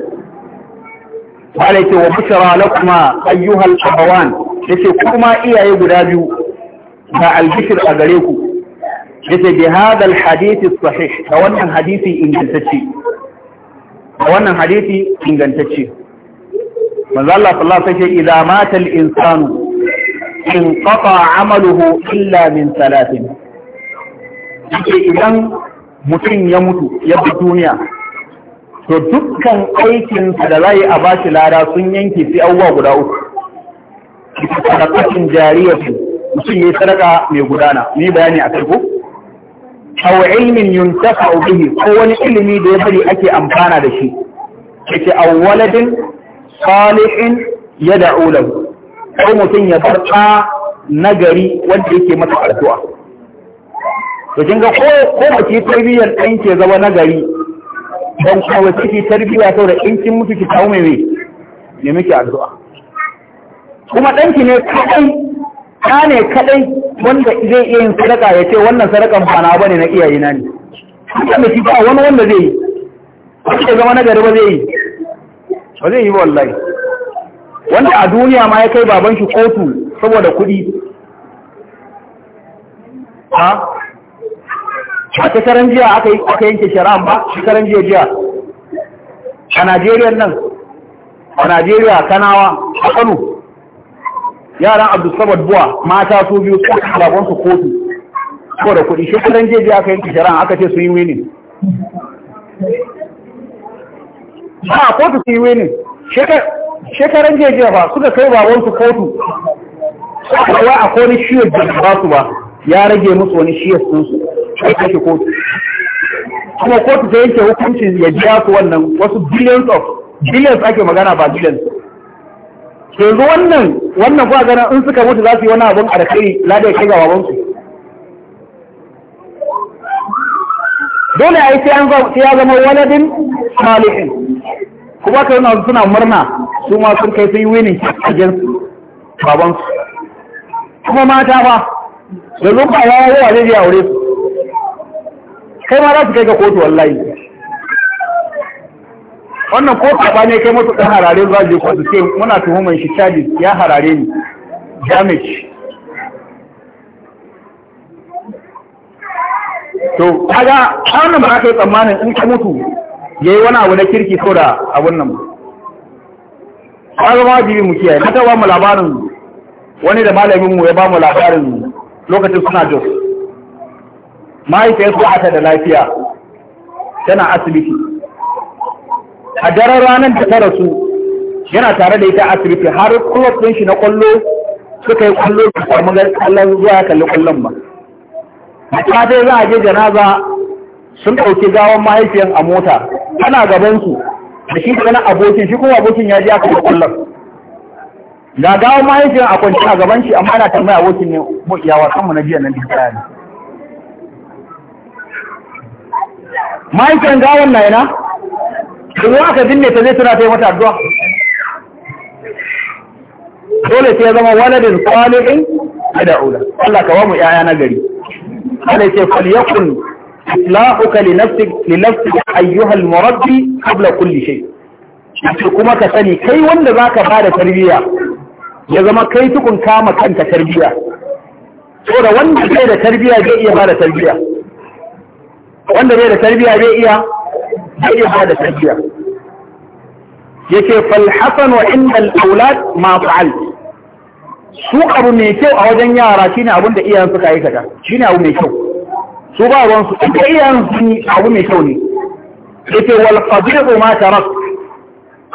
Ba alaikin wa bushara lakuma ayyuhal abawan yace kuma iyaye guda biyu ga albishir a gare ku yace bi hadal hadisi sahih da wannan hadisi ingantacce da wannan hadisi ingantacce manzo Allah sallallahu alaihi wasallam idza mata al insanu in qata amaluhu illa min salatin yace idan mutum ya mutu ya bi duniya to dukkan aikinsa da zai a bashi lada sun yanke fi abubuwa guda uku cikin sadaqatin jariyatin mutum yayi sadaka mai gudana ni bayani a ko aw ilmin yuntafa'u bihi ko wani ilimi da ya bari ake amfana da shi yake aw waladin salihin yad'u lahu ko mutum ya bar nagari wanda yake masa addu'a to kinga ko ko bace tarbiyyar ɗan ke zama nagari don kawai ciki tarbiyya saboda in kin mutu ki kawo mai ne muke addu'a kuma ɗanki ne kaɗai ta ne kaɗai wanda zai iya yin sadaka ya ce wannan sadakan ba na bane na iyaye na ne haka da shi wani wanda zai yi wanda zama na gari ba zai yi ba zai yi ba wallahi wanda a duniya ma ya kai baban shi kotu saboda kuɗi ha a shekaran jiya aka yi aka yanke shari'a ba shekaran jiya jiya a Najeriya nan a Najeriya Kanawa a Kano yaran abdulsamad buwa mata su biyu suka haɗa su kotu ko da kuɗi shi kuɗin jeji aka yanki shari'a aka ce su yi wini a kotu su yi wini shekaran jeji ba suka kai babansu kotu aka kawai a kone shiyar da ba su ba ya rage musu wani shiyar su, shi ake kotu kuma kotu ta yanke hukuncin ya biya su wannan wasu billions of billions ake magana ba billions yanzu wannan wannan kuwa ganin in suka mutu za su yi wani abin da kai ladai kai ga babansu dole a yi sai ya zama waladin salihin kuma ka yana suna murna su ma sun kai sun yi winning against babansu kuma mata ba da zuwa ya yi wa zai aure su kai ma za su kai ga kotu wallahi wannan ko kafa ne kai musu dan harare za je ko ce muna tuhuman shi charges ya harare ni damage to kaga wannan ba ka yi tsammanin in ka mutu yayi wani abu na kirki ko da abun nan ba ma mu kiyaye kata ba mu labarin wani da malamin mu ya ba mu labarin lokacin suna jos mahaifiyarsu su da lafiya tana asibiti a daren ranar da ta rasu yana tare da ita asibiti har club ɗin shi na kwallo suka yi kwallo da samu kallon zuwa ya kalli kwallon ba ta dai za a je janaza sun ɗauki gawan mahaifiyan a mota ana gabansu da shi kana abokin shi kuma abokin ya je aka yi kwallon ga gawan mahaifiyan a kwanci a gaban shi amma ana tambaya abokin ne ya wasan mu na jiya nan da ya mahaifiyan gawan na yana domin aka binne ta zai tuna ta yi mata addu'a dole sai ya zama waladin salihin ad'ula Allah ka wamu yaya na gari Allah ce falyakun islahuka li nafsik li nafsik ayyuha murabbi qabla kulli shay ce kuma ka sani kai wanda zaka bada tarbiyya ya zama kai tukun kama kanka tarbiyya saboda wanda bai da tarbiyya zai iya bada tarbiyya wanda bai da tarbiyya zai iya zai yi ba da tafiya ce falhasan wa inda al'aulat ma Al. su abu mai kyau a wajen yara shine abin da iyayen suka aikata shine abu mai kyau su ba ruwan su da iyayen su abu mai kyau ne yake wal qadiru ma tarak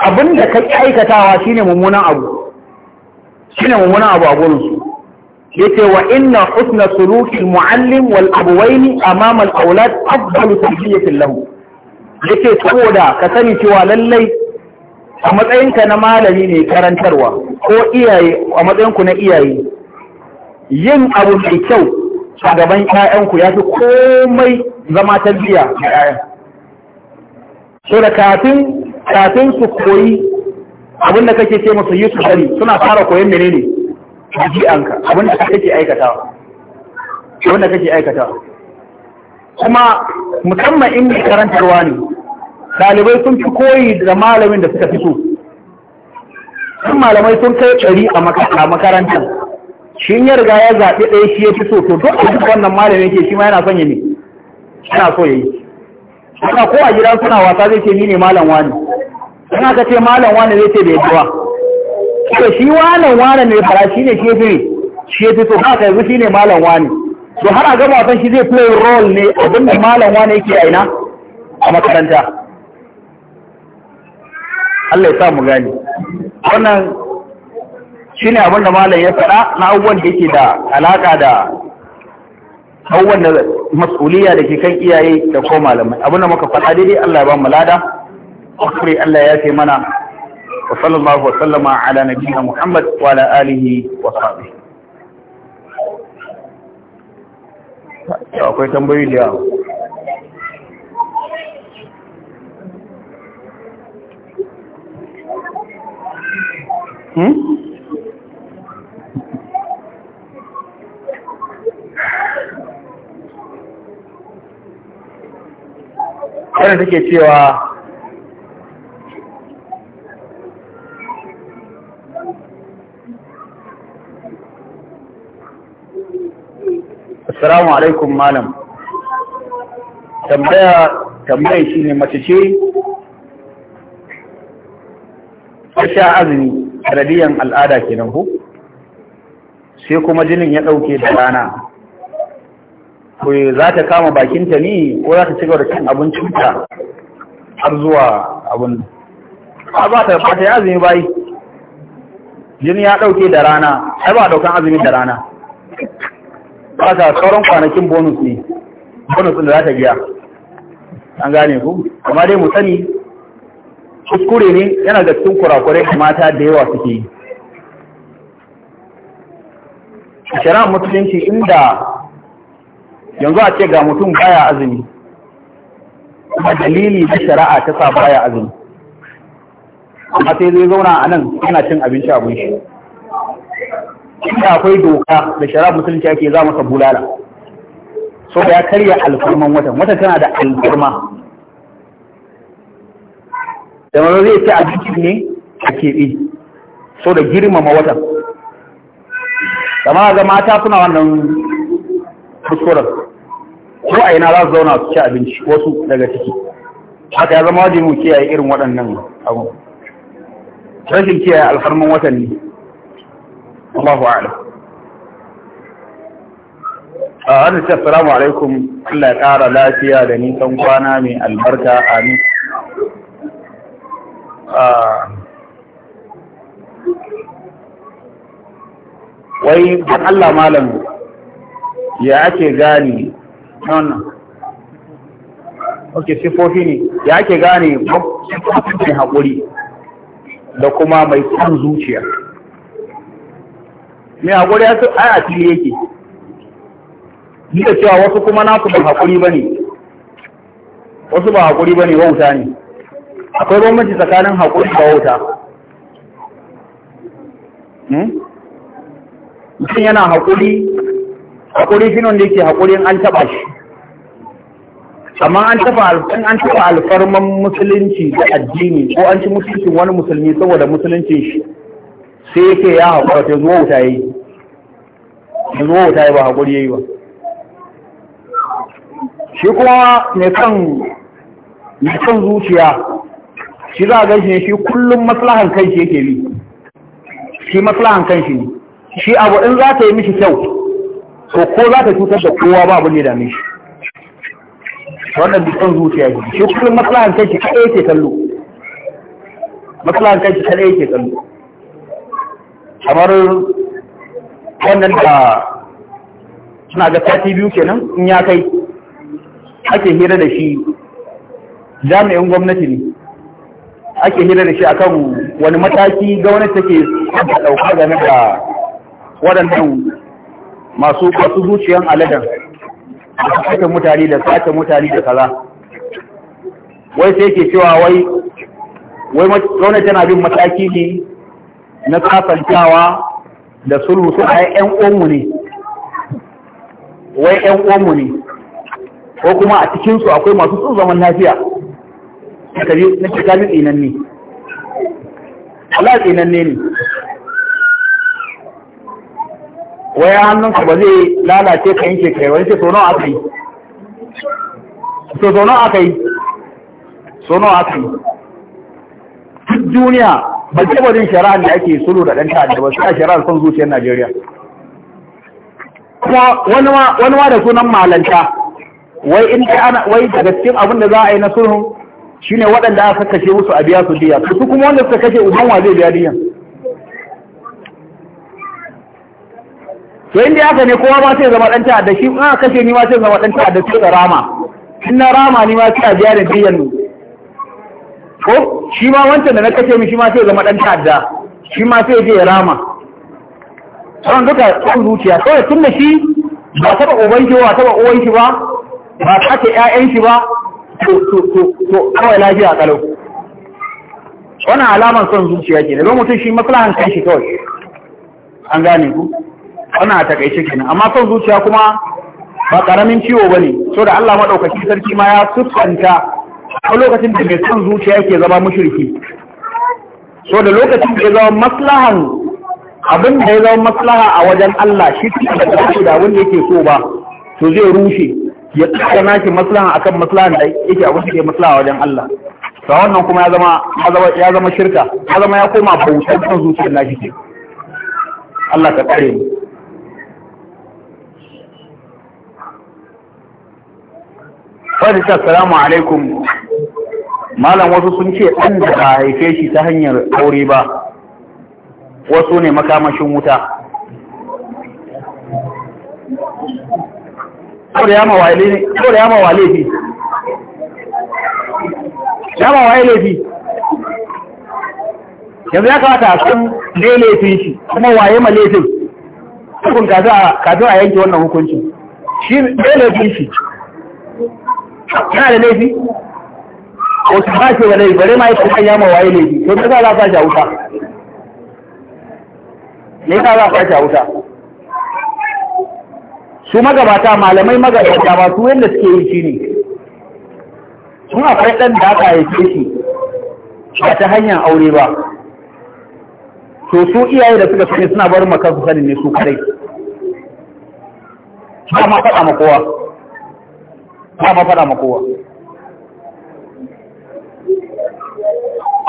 abin da ka aikatawa shine mummunan abu shine mummunan abu a gurin su yake wa inna husna suluki al-muallim wal abawaini amama al-aulad afdalu tarbiyatin lahu yake saboda ka sani cewa lallai a matsayinka na malami ne karantarwa ko iyaye a matsayinku na iyaye yin abu mai kyau a gaban ƴaƴanku ya fi komai zama tarbiyya a ƴaƴan so da kafin kafin su koyi abin da kake ce musu yi su sani suna fara koyon menene ji'anka abin da kake aikatawa abin da kake aikatawa kuma musamman in karantarwa ne Dalibai sun fi koyi da malamin da suka fi so ɗan malamai sun kai ɗari a makaranta. shi ya riga ya zaɓi ɗaya shi ya fi so to duk da wannan malamin ke shi ma yana son ya ne yana so ya yi ana ko a gidan suna wasa zai ce ni ne malam wani Ina ka ce malam wani zai ce da yadda ba shi malam wani ne fara shi ne shi fi shi ya fi so haka yanzu shi ne malam wani to har a gama wasan shi zai play role ne abin da malam wani yake aina a makaranta Allah ya sa mu gani wannan shine abin da malam ya faɗa na abubuwan da yake da alaka da abubuwan da mas'uliya da ke kan iyaye da ko malamai abin da muka faɗa daidai Allah ya ba mu lada akwai Allah ya ce mana wa sallallahu wa sallama ala nabiyina Muhammad wa ala alihi wa sahbihi akwai tambayoyi da yawa Hmm? wadda take cewa Assalamu alaikum malam tambaya tambayi shine mace ce ta sha azumi sanadiyan al'ada kenan ko sai kuma jinin ya ɗauke da rana ko za ta kama bakinta ne ko za ta ci gaba da cin abincinta har zuwa abin ba ba ta ta yi azumi bai jini ya ɗauke da rana ai ba ɗaukan azumi da rana ba ta sauran kwanakin bonus ne bonus da za ta biya an gane ku amma dai mu sani kuskure ne yana da cikin kurakurai da mata da yawa suke yi a inda yanzu a ce ga mutum baya azumi kuma dalili na shara'a ta sa baya azumi amma sai zai zauna a nan yana cin abinci abin shi inda akwai doka da shara musulunci ake za masa bulala so da ya karya alfarman watan watan tana da alfarma da maza zai a abincin ne a keɓe so da girmama watan kama ga mata suna wannan kuskuren ko a yana za su zauna su ci abinci wasu daga ciki haka ya zama wajen mu yi irin waɗannan abu rashin kiyaye alfarman watan ne Allahu a'lam a hannun assalamu alaikum Allah ya ƙara lafiya da nisan kwana mai albarka amin wai don Allah malam ya ake gane wannan ok sifofi ne ya ake gane sifofi mai haƙuri da kuma mai son zuciya mai haƙuri ya ai a fili yake ni da cewa wasu kuma naku ba haƙuri ba ne wasu ba haƙuri ba ne wauta ne akwai bambanci tsakanin haƙuri da wauta hmm? mutum yana haƙuri haƙuri shi ne wanda yake haƙurin an taɓa shi amma an taɓa alfarman musulunci da addini ko an ci musulcin wani musulmi saboda musuluncin shi sai yake ya haƙura ta zuwa wuta yi zuwa wuta yi ba haƙuri ya yi ba shi kuma mai kan zuciya shi za a gan shi shi kullum maslahan kanshi yake bi shi maslahan kanshi ne shi abu in za ta yi mishi kyau to ko za ta cutar da kowa ba abin da dame shi wannan bisan zuciya shi shi kullum maslahan kanshi kaɗai yake kallo maslahan kanshi kaɗai yake kallo kamar wannan da suna ga sati biyu kenan in ya kai ake hira da shi jami'in gwamnati ne ake hira da shi akan wani mataki gwamnati take ɗauka dauka game da waɗannan masu wasu zuciyan aladan da sace mutane da sace mutane da kaza wai sai ke cewa wai wai gwamnati tana bin mataki ne na kafantawa da sulhu su a yan uwanmu ne wai yan uwanmu ne ko kuma a cikinsu akwai masu tsun zaman lafiya suka ji na ce kamin tsinan ne Allah tsinan ne ne waya hannunka ba zai lalace ka yanke kai wani ce so nawa aka yi so so nawa aka yi so aka yi duk duniya ba ce wajen shari'ar da ake sulu da ɗan ta'adda ba su a shari'ar son zuciyar Najeriya kuma wani ma da sunan malanta wai in ta ana wai daga cikin abin da za a yi na sulhun shine waɗanda aka kashe musu a biya su diya su kuma wanda suka kashe uban wa zai biya diyan to inda aka ne kowa ma sai zama dan ta'adda shi ma kashe ni ma sai zama dan ta'adda sai rama in na rama ni ma sai a biya da diyan ko shi ma wancan da na kashe mi shi ma sai zama dan ta'adda shi ma sai je rama sauran duka kan zuciya kawai tun da shi ba taba uban shi ba taba uwan shi ba ba ta ce ƴaƴan shi ba to kawai lafiya kalau wannan alaman son zuciya ke don mutum shi maslahan kan shi kawai an gane ku wannan a takaice kenan amma son zuciya kuma ba karamin ciwo ba ne. so da Allah madaukaki sarki ma ya suskanta a lokacin da mai son zuciya ke zama mushriki so da lokacin da ya zama maslahan abin da ya zama maslaha a wajen Allah shi da abin da yake so ba to zai rushe ya tsaka nashi maslaha akan maslahan da yake a wasu ke maslaha wajen Allah to wannan kuma ya zama ya zama shirka ya zama ya koma bautar kan zuciyar nashi ke Allah ka tsare mu Wani ta salamu alaikum malam wasu sun ce ɗan da haife shi ta hanyar aure ba wasu ne makamashin wuta saboda ya mawa laifi ya mawa laifi ya mawa laifi yanzu ya kawata sun san dai shi kuma waye ma laifin hukun kafin a yanke wannan hukuncin shi dai laifin shi yana da laifi ko su ba ce wa laifi bare ma yi kusan ya mawa laifi to me za a sa shi a wuta me za a sa shi a wuta su magabata malamai magabata ba su yadda suke yi shi ne sun akwai ɗan da aka haife shi ba ta hanyar aure ba to su iyaye da suka suke suna barin maka su sanin ne su kadai ba ma faɗa ma kowa ba ma faɗa ma kowa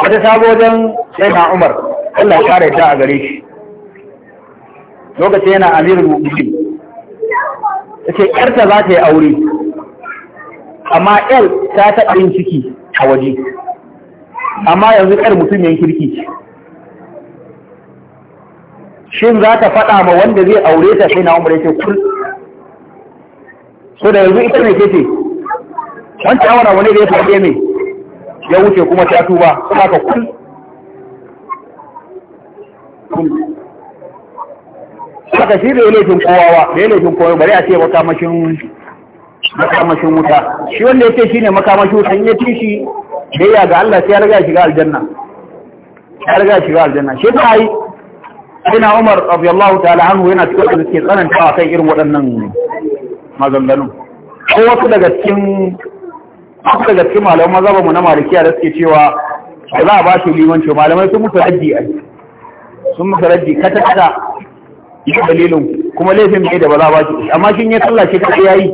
wata sabo wajen sai na umar Allah ya kare ta a gare shi lokacin yana amirul mutum ya ce za ta yi aure amma ƙar ta taɓa yin ciki a waje amma yanzu ƙar mutum yin kirki shin za ta faɗa ma wanda zai aure ta sai na umar ya ce kul so da yanzu ita ne ke ce wancan awara wani da ya faɗe mai ya wuce kuma ta tuba kuma ka kul haka shi bai laifin kowa ba bai laifin kowa bari a ce makamashin makamashin wuta shi wanda ya ce shi ne makamashin wuta in ya tishi. Da ya ga Allah sai ya riga shiga aljanna ya riga shiga aljanna shi ta yi ina Umar radiyallahu ta'ala anhu yana cikin da suke tsanantawa kan irin waɗannan maganganun ko wasu daga cikin wasu daga cikin malaman mazhabu mu na malikiya da suke cewa ba za a ba shi limanci malamai sun musu raddi ai sun musu raddi kata kata yi dalilin kuma laifin mai da ba za a bashi amma shin ya sallah shi kai ya yi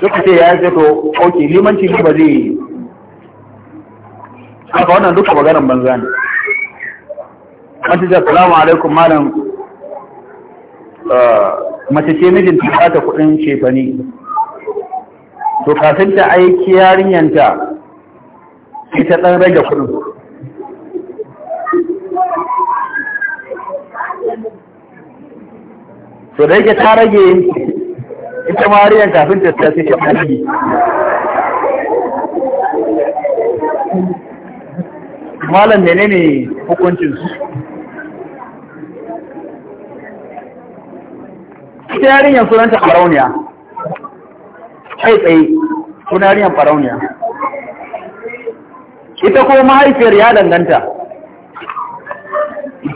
suka ce ya yi to ok limanci ba zai yi haka wannan duka maganar banza ne mace salamu alaikum malam eh, mace ce mijin ta bata kuɗin shefani to kafin ta aiki yarinyanta ita ta ɗan rage kuɗin so da yake ta rage ita mariyan kafin ta ta take ta rage malam menene hukuncin su ita yarinyar sunanta farauniya kai tsaye suna farauniya ita kuma mahaifiyar ya danganta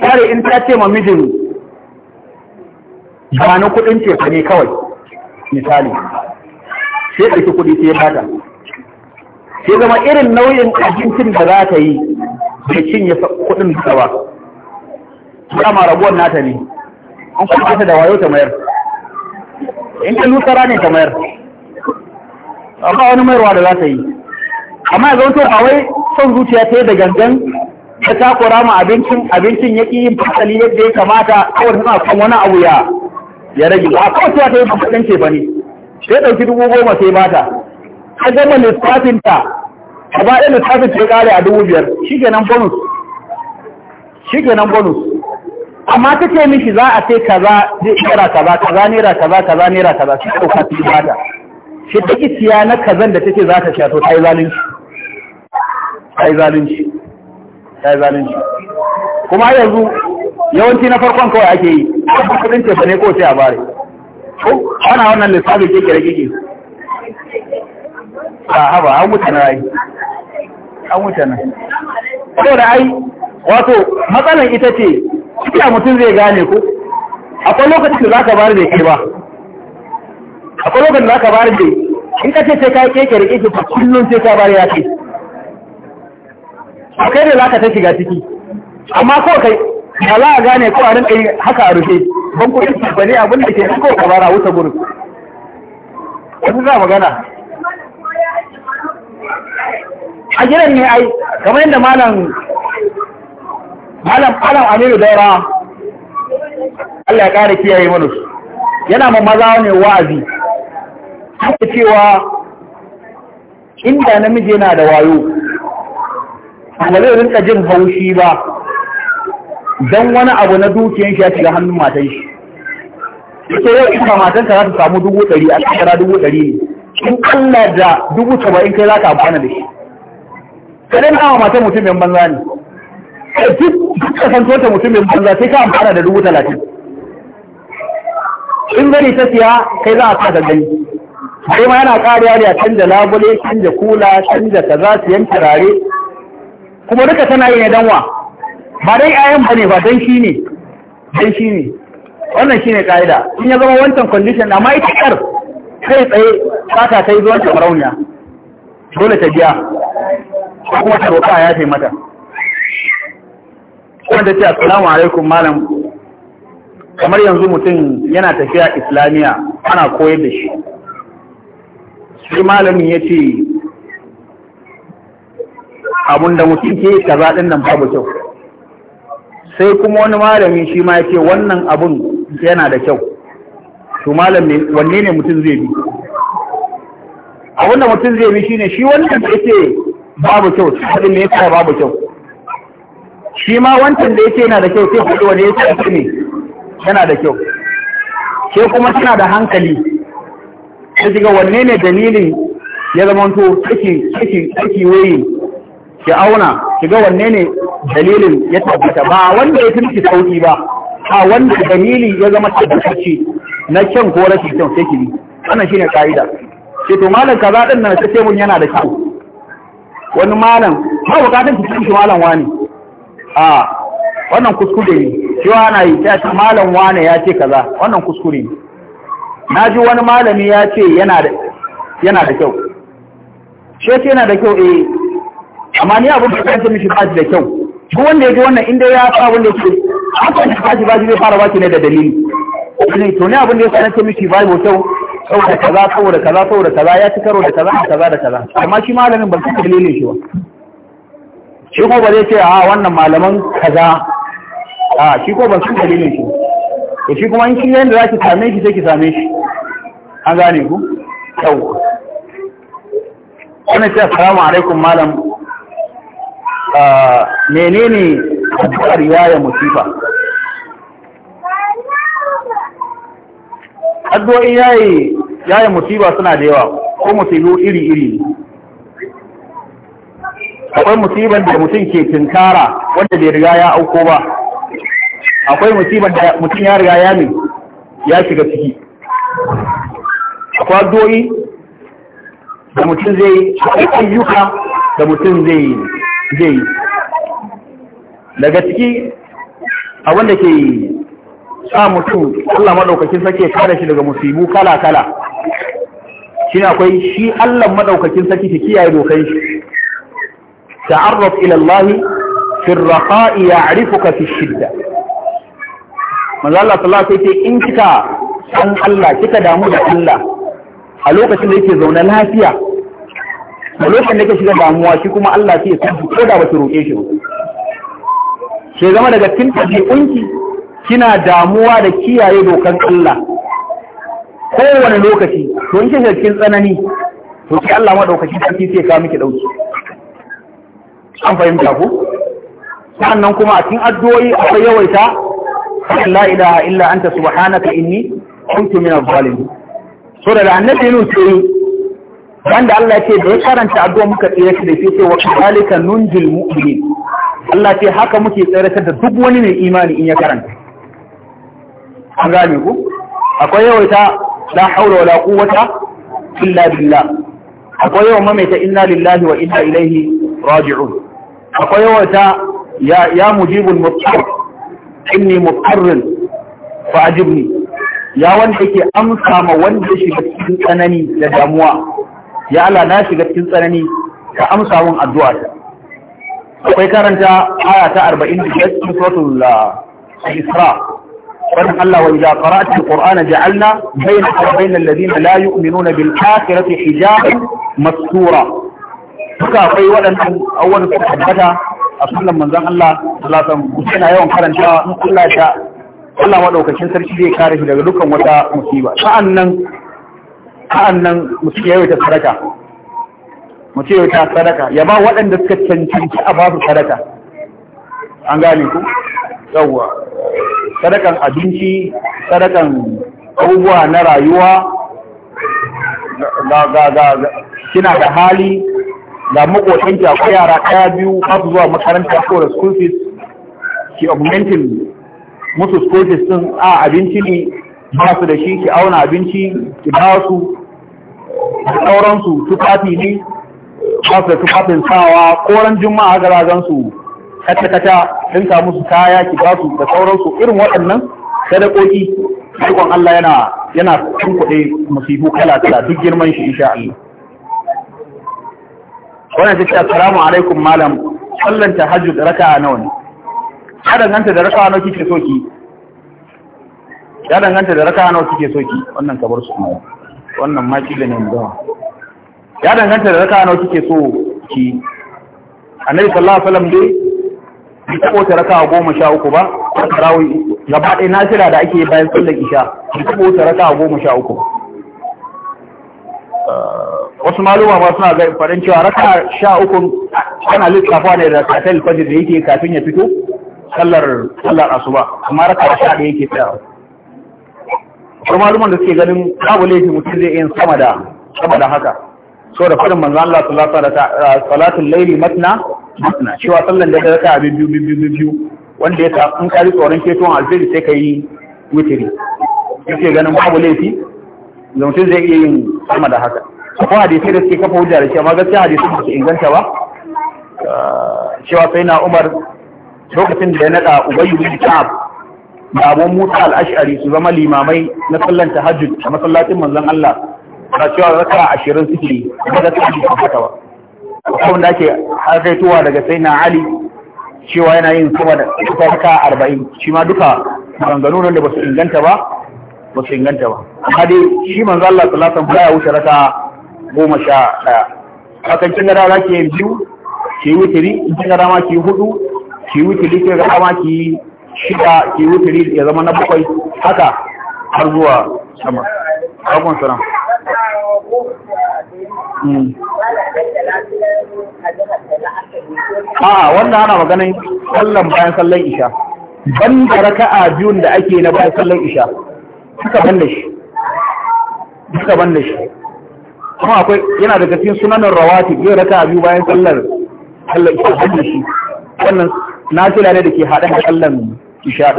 tare in ta ce ma mijin ba na kudin cefa ne kawai misali sai ɗauki kuɗi sai bata sai zama irin nau'in abincin da za ta yi bai cinye kuɗin da ba dama rabuwar nata ne an kuma ta da wayo ta mayar in ta lusara ne ta mayar amma wani mayarwa da za ta yi amma ya zauto ba wai son zuciya ta yi da gangan ta takura ma abincin abincin ya ƙi yin fasali yadda ya kamata kawai suna kan wani abu ya ya rage ba ko ta ta yi kudin ce bane sai dauki dubu goma sai bata ka gama lissafin ta a ba ɗin lissafin ta kare a dubu biyar shikenan bonus shikenan bonus amma ta ce mishi za a ce kaza zai kira kaza kaza naira kaza kaza naira kaza shi ɗauka su bata shi ta siya na kazan da take za ta ce to ta yi zalunci ta yi zalunci ta yi zalunci kuma yanzu yawanci na farkon kawai ake yi kudin tefa ne ko sai a bare ana wannan lissafi ke kira kike a haba an wuce na rai an wuce na ko da ai wato matsalan ita ce kika mutum zai gane ku akwai lokacin da zaka bari da ke ba akwai lokacin da zaka bari da in ka ce sai ka keke kira kike fa kullum sai ka bari ya ce akwai da zaka ta shiga ciki amma ko kai ba za a gane ko a rinka yi haka a rufe bankokin ba ne abin da ke ko bara wuta gurin wasu za magana a gidan ne ai kamar yadda malam malam malam aminu daura Allah ya kare kiyaye mana su yana ma maza ne wa'azi haka cewa inda namiji yana da wayo ba zai rinka jin haushi ba don wani abu na dukiyar shi ya shiga hannun matan shi ita yau ita matan ka za ta samu dubu ɗari a shekara dubu ɗari ne in Allah da dubu saba'in kai za ka amfana da shi ka dai na matan mutum yan banza ne duk kasanto ta mutum yan banza sai ka amfana da dubu talatin in gani ta siya kai za a sa ta gani sai ma yana ƙariya da canja labule canja kula canja kaza siyan turare kuma duka tana yin danwa ba dai ayan ba ne ba don shi ne don shi ne wannan shi ne ƙa'ida in ya zama wancan condition amma ita ƙar kai tsaye fata ta yi zuwan tabrauniya dole ta biya ko kuma ta roƙa ya fi mata ta ce assalamu alaikum malam kamar yanzu mutum yana tafiya Islamiya. ana koyar da shi Sai malamin ya ce abinda mutum ke kaza ɗin nan babu kyau sai kuma wani malami shi ma ya ce wannan abun yana da kyau to malami wanne ne mutum zai bi abin da mutum zai bi shine shi wannan da yake babu kyau shi ne yake babu kyau shi ma wancan da yake yana da kyau sai hudu wanda yake yake ne yana da kyau sai kuma tana da hankali sai ga wanne ne dalilin ya zama to take take take waye ki auna ki ga wanne ne dalilin ya tabbata ba wanda ya fi sauki ba a wanda dalili ya zama tabbatacce na kyan ko rashin kyan sai ki bi wannan shine kaida ce to malam kaza din nan sai mun yana da kyau wani malam ba bukatun ki shi malam wani a wannan kuskure ne cewa ana yi ta malam wani ya ce kaza wannan kuskure ne na ji wani malami ya ce yana da kyau shi yana da kyau eh amma ni abin da kanta mishi baji da kyau duk wanda ya wannan inda ya sa wanda yake haka ne baji baji zai fara baki ne da dalili ne to ne abin da ya sa nake mishi baji mai kyau saboda kaza saboda kaza saboda kaza ya ci karo da kaza da kaza da kaza amma shi malamin ba su dalilin shi ba shi ko ba zai ce a wannan malaman kaza a shi ko ba su dalilin shi to shi kuma in shi yanda zaki same shi sai ki same shi an gane ku yau wannan ce assalamu alaikum malam menene addu'ar yaya musifa addu'o'in yayi yaya musifa suna da yawa ko musibu iri iri akwai musiban da mutum ke tinkara wanda bai riga ya auko ba akwai musiban da mutum ya riga ya ne ya shiga ciki akwai addu'o'i da mutum zai ayyuka da mutum zai yi zai daga ciki a wanda ke sa mutum Allah maɗaukakin sake kada shi daga musibu kala-kala shi akwai shi Allah maɗaukakin sake ki kiyaye dokai shi ta'arraf ilallahi Allah ya raqa'i fi shidda manzo Allah sai alaihi in kika san Allah kika damu da Allah a lokacin da yake zaune lafiya da lokacin da ke shiga damuwa shi kuma Allah ke ya san ko da baki roƙe shi ba ke zama daga cikin kunki kina damuwa da kiyaye dokan Allah kowane lokaci to in kike cikin tsanani to sai Allah ma madaukaki sarki kike ka miki dauki an fahimta ko sannan kuma a cikin addu'o'i akwai yawaita la ilaha illa anta subhanaka inni kuntu minadh-dhalimin so da annabi ne sai wanda Allah ya ce da ya karanta addu'a muka tsira shi da ke cewa kadhalika nunjil mu'minin Allah ce haka muke tsere da duk wani mai imani in ya karanta an gane ku akwai yawaita la haula wala quwwata illa billah akwai yawan mamaita inna lillahi wa inna ilaihi raji'un akwai yawaita ya ya mujibul mutar inni mutarrin fa ajibni ya wanda yake amsa ma wanda shi cikin tsanani da damuwa ya Allah na shiga cikin tsanani ka amsa mun addu'a ta akwai karanta aya ta 45 cikin suratul ah, Isra فإن الله وإذا قرأت القرآن جعلنا بينك وبين الذين لا يؤمنون بالآخرة حجابا مستورا فكا في ولن أول صحبتها أصلا من ذا الله ثلاثة مسينا يوم حالا شاء نقول لا شاء Allah maɗaukacin sarki zai kare shi daga dukkan wata musiba sa'annan sa'an nan musu yawaita sadaka musu ya yawaita sadaka ya ba waɗanda suka cancanci a ba su sadaka an gane ku yawwa sadakan abinci sadakan abubuwa na rayuwa ga ga ga kina da hali ga makotanki akwai yara ɗaya biyu ba su zuwa makaranta ko da school fees ki augmentin musu school fees din a abinci ne ba su da shi ki auna abinci ki ba su da sauransu tufafi ne masu da tufafin sawa koran juma'a ga gansu kata-kata ɗinka musu kaya ki ba su da sauransu irin waɗannan sadakoki ikon Allah yana yana cin kuɗe musibu kala kala duk girman shi insha Allah wannan take assalamu alaikum malam sallan tahajjud raka'a nawa ne ya danganta da raka'a nawa kike soki? ya danganta da raka'a nawa kike soki? ki wannan kabar su wannan ma kila ne mudawa ya danganta da raka nawa kike so ki annabi sallallahu alaihi wasallam dai bai tabo ta raka goma sha uku ba ta tarawih gaba ɗaya nafila da ake bayan sallar isha bai tabo ta raka goma sha uku uh, wasu maluma ma suna ga farin cewa raka sha uku ana lissafa ne da katal fajr da yake kafin ya fito sallar sallar asuba amma raka sha ɗaya yake tsayawa har maluman da suke ganin babu laifi mutum zai yin sama da sama da haka so da fadin manzan Allah sallallahu alaihi wasallam uh, salatul layli matna matna cewa sallan da ta raka abin biyu biyu biyu wanda ya ta in ka ri tsoron keton alfiri sai ka yi witiri yake ganin babu laifi da mutum zai iya yin sama da haka akwai hadisi da suke kafa hujja da shi amma gaskiya hadisi ba su inganta ba uh, cewa sai na Umar lokacin da ya naɗa Ubayyu bin Ka'ab da abun musa al'ashari su zama limamai na sallan tahajjud a masallacin manzon Allah ba cewa raka ashirin suke ba da ta ji haka ba abin da ake harkaituwa daga sai na ali cewa yana yin sama da kusa raka arba'in shi ma duka maganganu da ba su inganta ba ba su inganta ba amma dai shi manzo Allah sallallahu alaihi wasallam ya wuce raka goma sha ɗaya hakan kin gara zaki yi biyu ki wutiri in kin gara ma ki hudu ki wutiri kin gara ma ki shida ke wuturi ya zama na bakwai haka har zuwa sama akon sana a wanda ana maganin sallan bayan sallan isha ban da raka'a biyun da ake na bayan sallan isha suka ban da shi suka ban da shi kuma akwai yana daga cikin sunanin rawati yin raka'a biyu bayan sallar sallan isha ban da shi wannan na ne da ke haɗe a sallan isha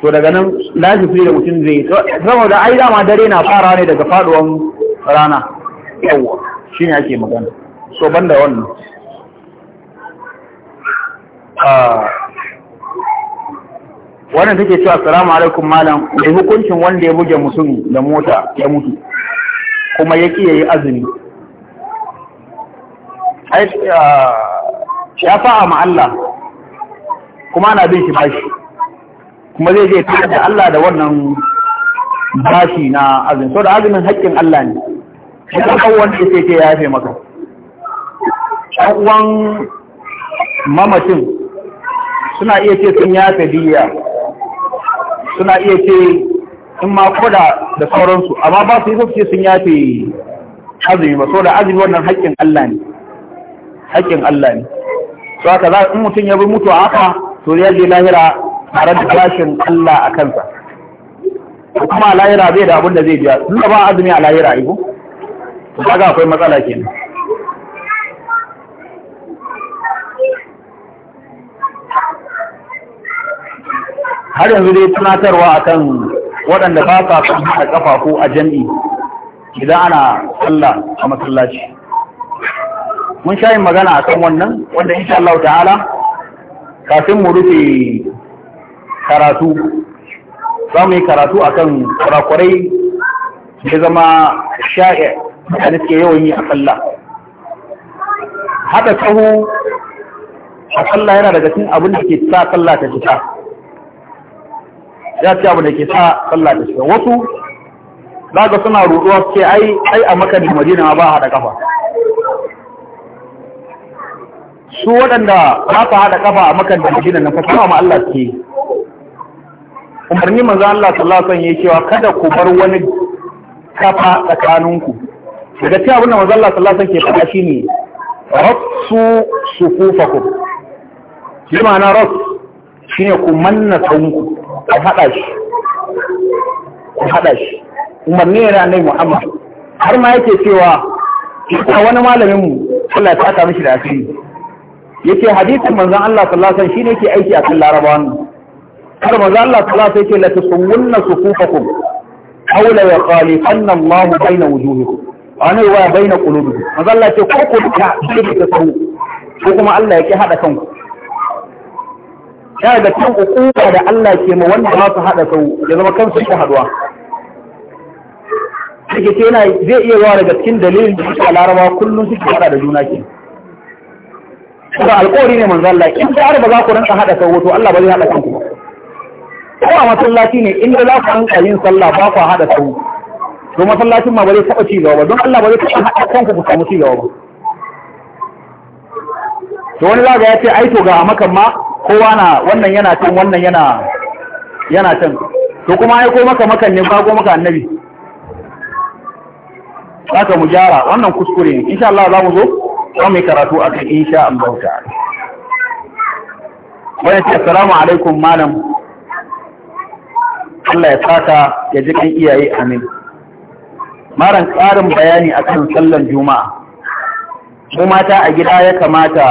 to daga nan lafifi da mutum zai yi saboda ai dama dare na fara ne daga faduwan rana yawwa shi ne ake magana so ban da wannan ah, wannan take cewa salamu alaikum malam mai hukuncin wanda ya buge mutum da mota ya mutu kuma ya ƙi yayi azumi ah, ya fa'a ma Allah kuma ana bin shi bashi kuma zai je ta da Allah da wannan bashi na azumi so da azumin haƙƙin Allah ne shi kan kawon da sai ke yafe maka ɗan uwan mamacin suna iya ce sun yafe diya suna iya ce in ma koda da sauransu amma ba su yi ce sun yafe azumi ba so da azumi wannan haƙƙin Allah ne haƙƙin Allah ne so haka za in mutum ya bi mutu a haka to ya lahira a da tashin Allah a kansa kuma a lahira zai da abin da zai biya tunda ba azumi a lahira ibo to kaga akwai matsala kenan har yanzu dai tunatarwa akan waɗanda ba sa kan ƙafa ko a jam'i idan ana sallah a masallaci mun sha yin magana akan wannan wanda insha Allah ta'ala kafin mu rufe karatu za mu yi karatu a kan kurakurai da zama sha'i da suke yawan yi a tsalla. Haɗa tsaho a tsalla yana daga cin abin da ke sa tsalla ta fita ya ce abin da ke sa tsalla ta fita wasu za ga suna ruɗuwa ce ai a makar da madina ba a haɗa kafa su waɗanda ba su haɗa ƙafa a makar da gina na fasama ma Allah ke umarni manzo Allah sallallahu alaihi wasallam cewa kada ku bar wani kafa tsakaninku daga cikin abin da manzo Allah sallallahu alaihi wasallam ke faɗa shine rassu sufufakum shi ma'ana rass shine ku manna tsawonku ku haɗa shi ku haɗa shi umarni ne na Annabi Muhammad har ma yake cewa ita wani malamin mu Allah ya saka mishi da asiri yace hadisin manzon Allah sallallahu alaihi wasallam shine yake aiki akan larabawan kar manzon Allah sallallahu alaihi wasallam yake la tusawwunna sufufakum aw la yaqalifanna Allah baina wujuhikum ana wa baina qulubikum manzon Allah ce ko ku ta kike ta sahu ko kuma Allah yake hada kanku yana da kan hukuma da Allah ke ma wanda ba su hada sahu ya zama kansu ko haduwa Suke ce yana zai iya yawa daga cikin dalilin da suka larabawa kullum suke hada da juna ke. ba alƙawari ne manzan Allah in da arba za ku rinka hada sawo to Allah ba zai hada kanku ba ko a masallaci ne inda za ku rinka yin sallah ba ku hada sawo to masallacin ma ba zai taɓa cigaba ba don Allah ba zai taba hada kanku ku samu cigaba. ba to wani zaga ya ce ai to ga makan ma kowa na wannan yana can wannan yana yana can to kuma ai ko maka makan ne ba ko maka annabi ka mu gyara wannan kuskure ne insha Allah za mu zo za mu yi karatu a kan insha an bauta wani ce salamu alaikum malam Allah ya saka ya ji kan iyaye amin maran ƙarin bayani akan sallar juma'a ko mata a gida ya kamata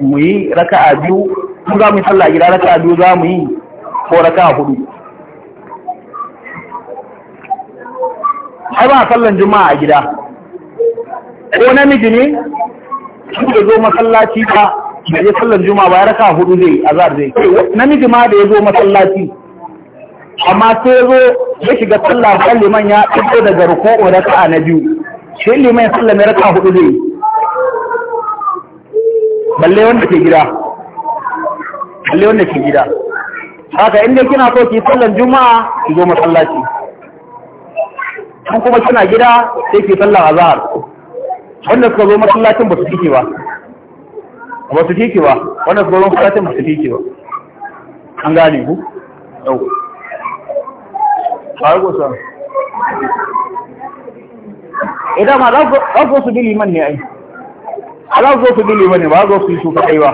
mu yi raka a biyu ko za mu yi sallah a gida a biyu za mu yi ko raka a hudu ai ba sallar juma'a a gida ko namiji ne shi da zo masallaci ba da ya sallar juma'a ba ya raka hudu zai azar zai namiji ma da ya zo masallaci amma sai zo ya shiga sallah ba liman ya fito daga da ka'a na biyu shi liman ya sallar mai raka hudu zai balle wanda ke gida balle wanda ke gida haka inda kina so ki sallar juma'a ki zo masallaci kan kuma kina gida sai ki sallar azhar wannan suka zo masallacin ba su kike ba ba su kike ba wannan suka zo masallacin ba su kike ba an gane ku yau ba ku san idan eh, ma za ku su bi liman ne ai ala zo su bi liman ne ba zo su yi su kai ba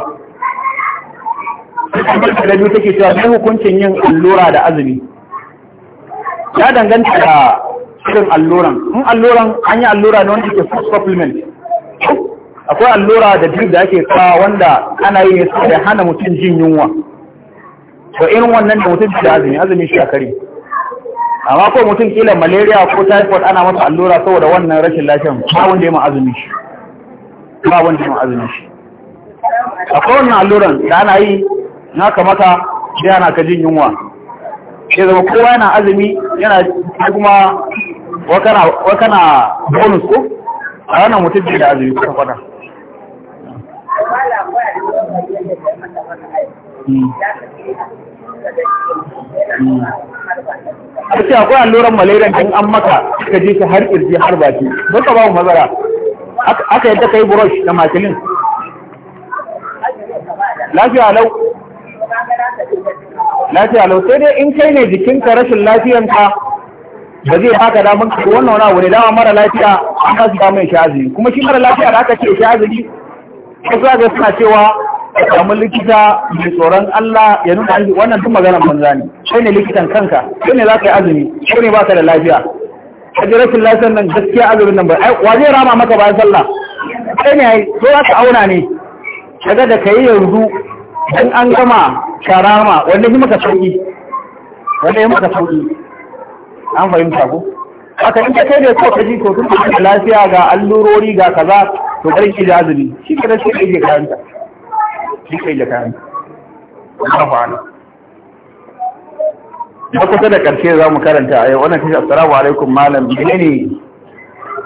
da biyu take cewa sai hukuncin yin allura da azumi ya danganta da irin alluran in alluran an yi allura ne wanda ke supplement akwai allura da drip da ake kawo wanda ana yi ne da hana mutum jin yunwa to irin wannan da mutum da azumi azumi shi a kare amma ko mutum kila malaria ko typhoid ana masa allura saboda wannan rashin lafiyan ba wanda ya ma azumi shi ba wanda ya ma azumi shi akwai wannan alluran da ana yi na kamata sai ana ka jin yunwa sai zama kowa yana azumi yana kuma wa kana bonus ko a yana mutum da azumi kusa kwana. Hmm. a ce akwai alluran malaria in an maka suka je shi har irji har baki don ka babu mazara aka yadda ka yi brush da makilin lafiya lau lafiya lau sai dai in kai ne jikinka rashin lafiyanka ba zai haka damar ka wannan wani abu ne dama mara lafiya an kasu ba mai shaziri kuma shi mara lafiya da aka ce shaziri ko za ga suna cewa a samun likita mai tsoron Allah ya nuna arziki wannan tun maganar banza ne shi ne likitan kanka shi ne za ka yi azumi shi ne ba ka da lafiya a ji rashin lafiyar nan gaskiya azumin nan ba wa zai rama maka bayan sallah shi ne ai so za ka auna ne daga da ka yi yanzu dan an gama karama wanda yi maka sauki wanda yi maka sauki an fahimta ko aka in ka kai da kuka ji ko kuma da lafiya ga allurori ga kaza to garin ki jazumi shi ke rashin aiki karanta shi ke da karanta Allahu a'lam ba kusa da ƙarshe za mu karanta a eh, yau wannan shi assalamu alaikum malam ne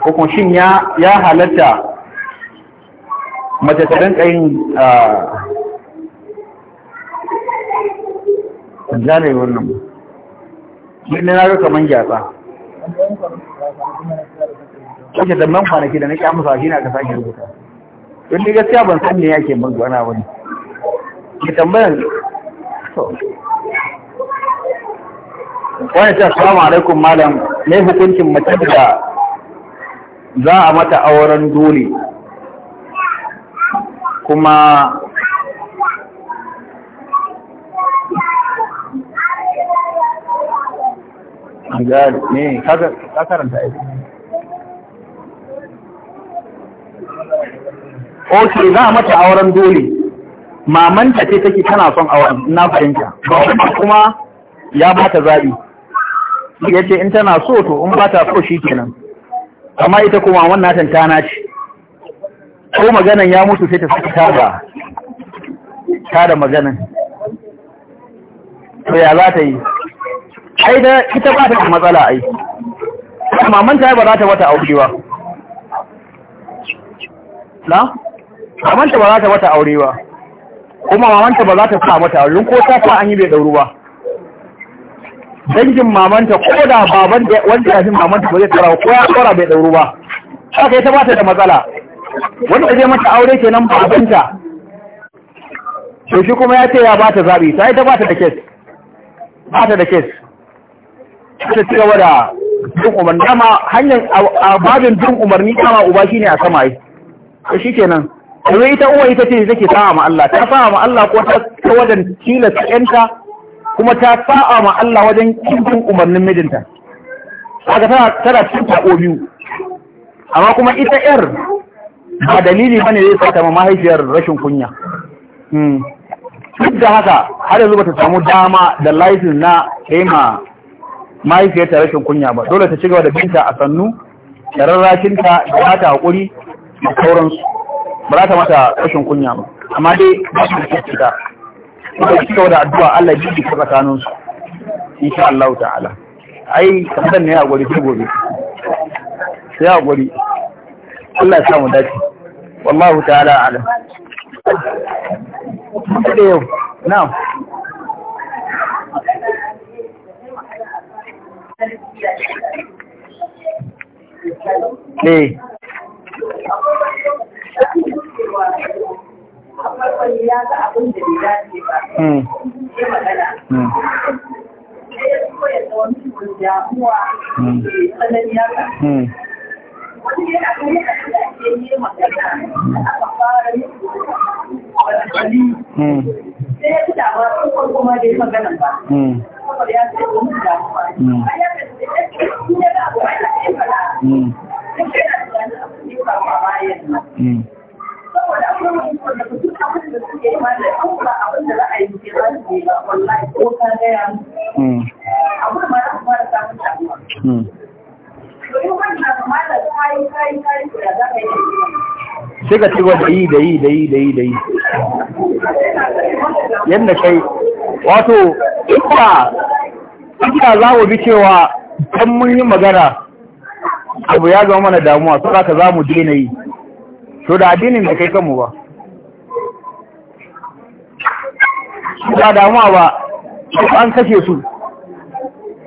ko shin ya ya halatta mace ta rinka yin a ah, jami'in wannan birni na ga kaman gyatsa kake da man kwanaki da nake amsa shi na ka sake rubuta don ni gaskiya ban san me yake mun gwana wani ki tambaya. to wani ta assalamu alaikum malam me hukuncin mace da za a mata auren dole kuma gari ne ok za a mata auren dole mamanta ce take tana son auren na fahimta kuma ya bata zaɓi ya ce in tana so to in bata so shi kenan amma ita kuma wannan tan tana ce ko maganan ya mutu sai ta ba ta da maganan to ya za ta yi ai da ita ba ta matsala ai mamanta ba za ta wata aure ba na mamanta ba za ta wata aure ba kuma mamanta ba za ta sa mata aure ko ta sa an yi bai dauru ba dangin mamanta ko da baban da wanda ya fi mamanta ba zai tsara ko ya tsara bai dauru ba haka ita ba ta da matsala wanda zai mata aure kenan babanta to shi kuma ya ce ya ba ta zabi yi ta ba ta da kes ba ta da kes ta ci gaba da jin umarni dama hanyar a babin bin umarni kama uba shi ne a sama yi ta shi kenan yanzu ita uwa ita ce take sa'a ma Allah ta sa'a ma Allah ko ta tawadan tilasta ƴanta kuma ta sa'a ma Allah wajen kin umarnin mijinta kaga tana tana cikin tako biyu amma kuma ita yar ba dalili bane zai sa ta mahaifiyar rashin kunya hmm. duk da haka har yanzu ta samu dama da license na kaima mahaifiyarta rashin kunya ba dole ta cigaba da binta a sannu da rarrakinta da mata haƙuri da sauransu ba za ta mata rashin kunya ba amma dai ba su da cika suka cigaba da addu'a Allah biyu ta tsakaninsu insha Allah ta'ala ai kamar ne ya gori sai gobe sai ya gori Allah ya samu dace wallahi ta'ala alam na'am Eh. Hmm. Hmm. Hmm. hmm. sai ya hmm. ya hmm. hmm. da A da da da a bayan nan. Saboda akwai wani wanda ku da suke yi yi sai ka cigaba da yi da yi da yi da yi da yi yadda kai wato ita ita za mu bi cewa kan mun yi magana abu ya zama mana damuwa so ka za mu daina yi so da addinin da kai kanmu ba ba damuwa ba an kashe su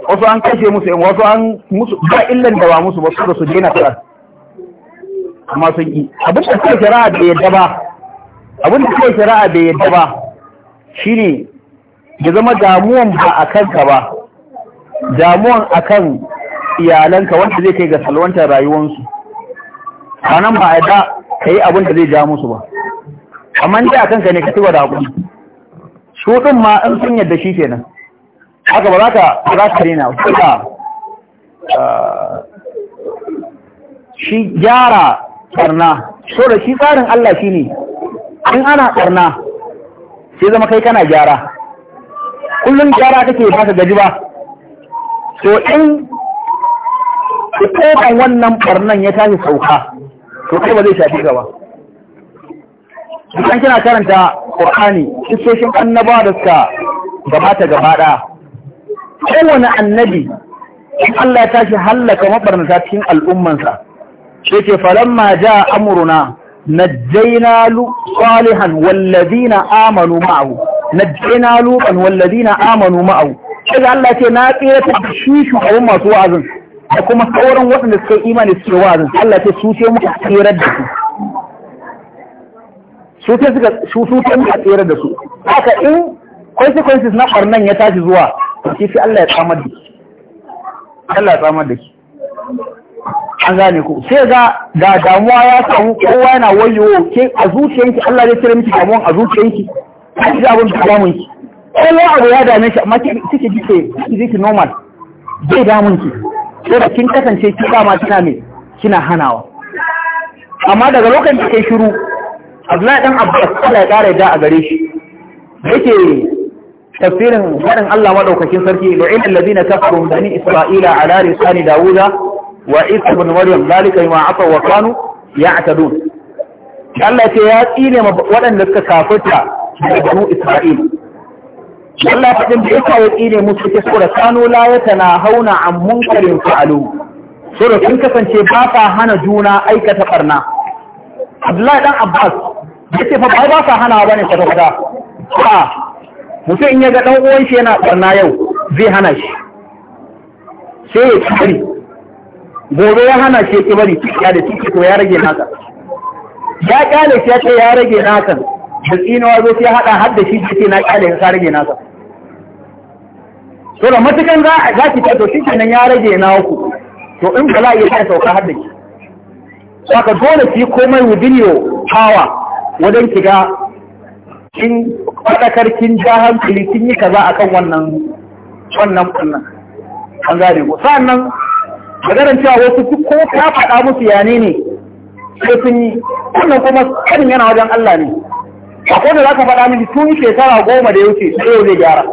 wasu an kashe musu yan eh, wasu an musu ba illan da ba musu ba su su daina tsar amma sun yi abin da kai shari'a bai yadda ba abin da kai shari'a bai yadda ba shine ya zama damuwan ba a kanka ba damuwan akan iyalanka wanda zai kai ga salwantar rayuwansu a nan ba a da ka yi abin da zai ja musu ba amma a kanka ne ka ci wa da hakuri su ɗin ma in sun yadda shi kenan haka ba za ka za ka suka ah, shi gyara karna so da shi tsarin Allah shi ne in ana karna sai zama kai kana gyara kullum gyara kake ba ka gaji ba so in ƙoƙon wannan ɓarnan ya tafi sauka to kai ba zai shafi gaba an kina karanta ƙorani istoshin annaba da suka gabata gabaɗa kowane annabi Allah ya tashi hallaka mabarnata cikin al'ummansa sai ce ma ja amuruna amruna najjayna lu salihan wallazina amanu ma'ahu najjayna lutan wallazina amanu ma'ahu sai Allah ce na tsira ta shi shugaban masu wa'azin da kuma sauran waɗanda suka yi imani suke wa'azin Allah ce su ce muka tsira da su su ce suka su su ce muka tsira da su haka in consequences na ɓarnan ya tashi zuwa to shi sai Allah ya tsamar da shi Allah ya tsamar da shi an gane ku sai ga da damuwa ya samu kowa yana wayo ke a zuciyanki Allah zai tsira miki damuwan a zuciyanki a ji abin da damun ki kowa abu ya dame shi amma kike kike kike normal zai damun ki sai da kin kasance ki dama kina me kina hanawa amma daga lokacin da kai shiru Abdullahi dan Abbas Allah ya kare da a gare shi yake tafsirin faɗin Allah maɗaukakin sarki lu'in allazina kafaru min bani isra'ila ala lisani dawuda wa isa ibn maryam zalika ma asaw wa kanu ya'tadun Allah ce ya tsine waɗanda suka kafirta daga banu isra'ila Allah faɗin da yasa ya tsine musu ke sura kanu la yatana hauna an munkarin fa'alu sura sun kasance ba sa hana juna aikata barna Abdullahi dan Abbas yace fa ba sa hana bane kwata-kwata mutum in yaga dan uwanshi uwan shi yana barna yau zai hana shi sai ya bari gobe ya hana shi ya ci bari ya da ciki to ya rage naka ya kyale shi ya ce ya rage naka da tsinawa zo sai haɗa har da shi ce na kyale ka rage naka to da matukan za ki ta to shi nan ya rage na to in ba za a iya sauka har da ki saka dole ki komai wudin your power wajen kiga faɗakar kin ja hankali kin yi kaza kan wannan wannan kunnan an gane ku sa'annan maganar cewa wasu ko ka faɗa musu yane ne sai sun yi wannan kuma sanin yana wajen Allah ne akwai da za ka faɗa mini tun shekara goma da ya wuce sai yau zai gyara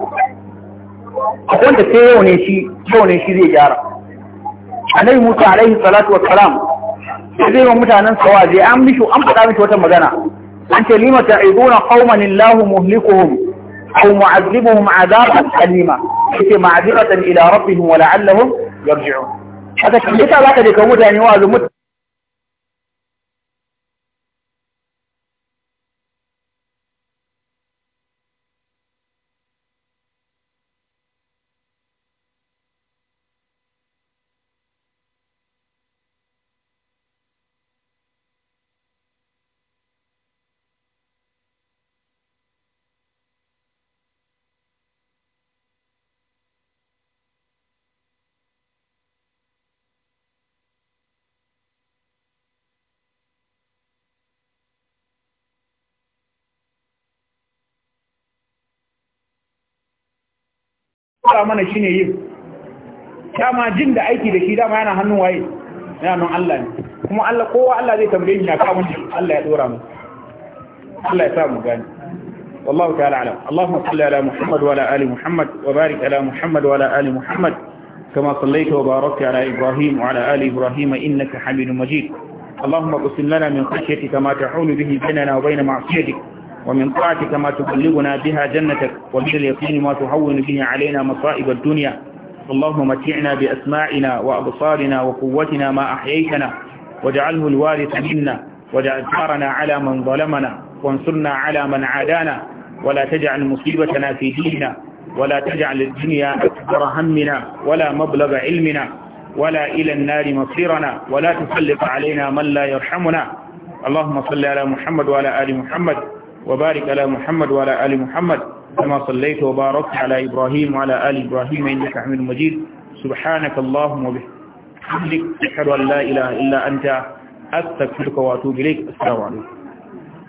akwai wanda sai yau ne shi yau ne shi zai gyara annabi Musa alaihi salatu wa salam sai zai wa mutanen sawa zai an mishi an faɗa mishi wata magana an ce lima ta'iduna qauman illahu muhlikuhum aw mu'adhibuhum adaban alima yace ma'adibatan ila rabbihim wa la'allahum yarji'un haka kin ta zaka je ka mutane wa fara mana shi ne yin dama jin da aiki da shi dama yana hannun waye yana nan Allah ne kuma kowa Allah zai tambaye ni yaka wani Allah ya dora mu Allah ya sa mu gani wallahu ta'ala alam Allahumma salli ala Muhammad wa ala ali Muhammad wa ala Muhammad wa ala ali Muhammad kama sallaita wa Ibrahim wa ala ali Ibrahim innaka Hamidum Majid Allahumma qsim lana min khashyatika ma tahulu bihi bainana wa bain ma'siyatika ومن طاعتك ما تبلغنا بها جنتك ومن اليقين ما تهون به علينا مصائب الدنيا اللهم متعنا بأسماعنا وأبصارنا وقوتنا ما أحييتنا واجعله الوارث منا واجعل ثارنا على من ظلمنا وانصرنا على من عادانا ولا تجعل مصيبتنا في ديننا ولا تجعل الدنيا أكبر همنا ولا مبلغ علمنا ولا إلى النار مصيرنا ولا تسلط علينا من لا يرحمنا اللهم صل على محمد وعلى آل محمد وبارك على محمد وعلى آل محمد كما صليت وباركت على إبراهيم وعلى آل إبراهيم إنك حميد مجيد سبحانك اللهم وبحمدك أشهد أن لا إله إلا أنت أستغفرك وأتوب إليك السلام عليكم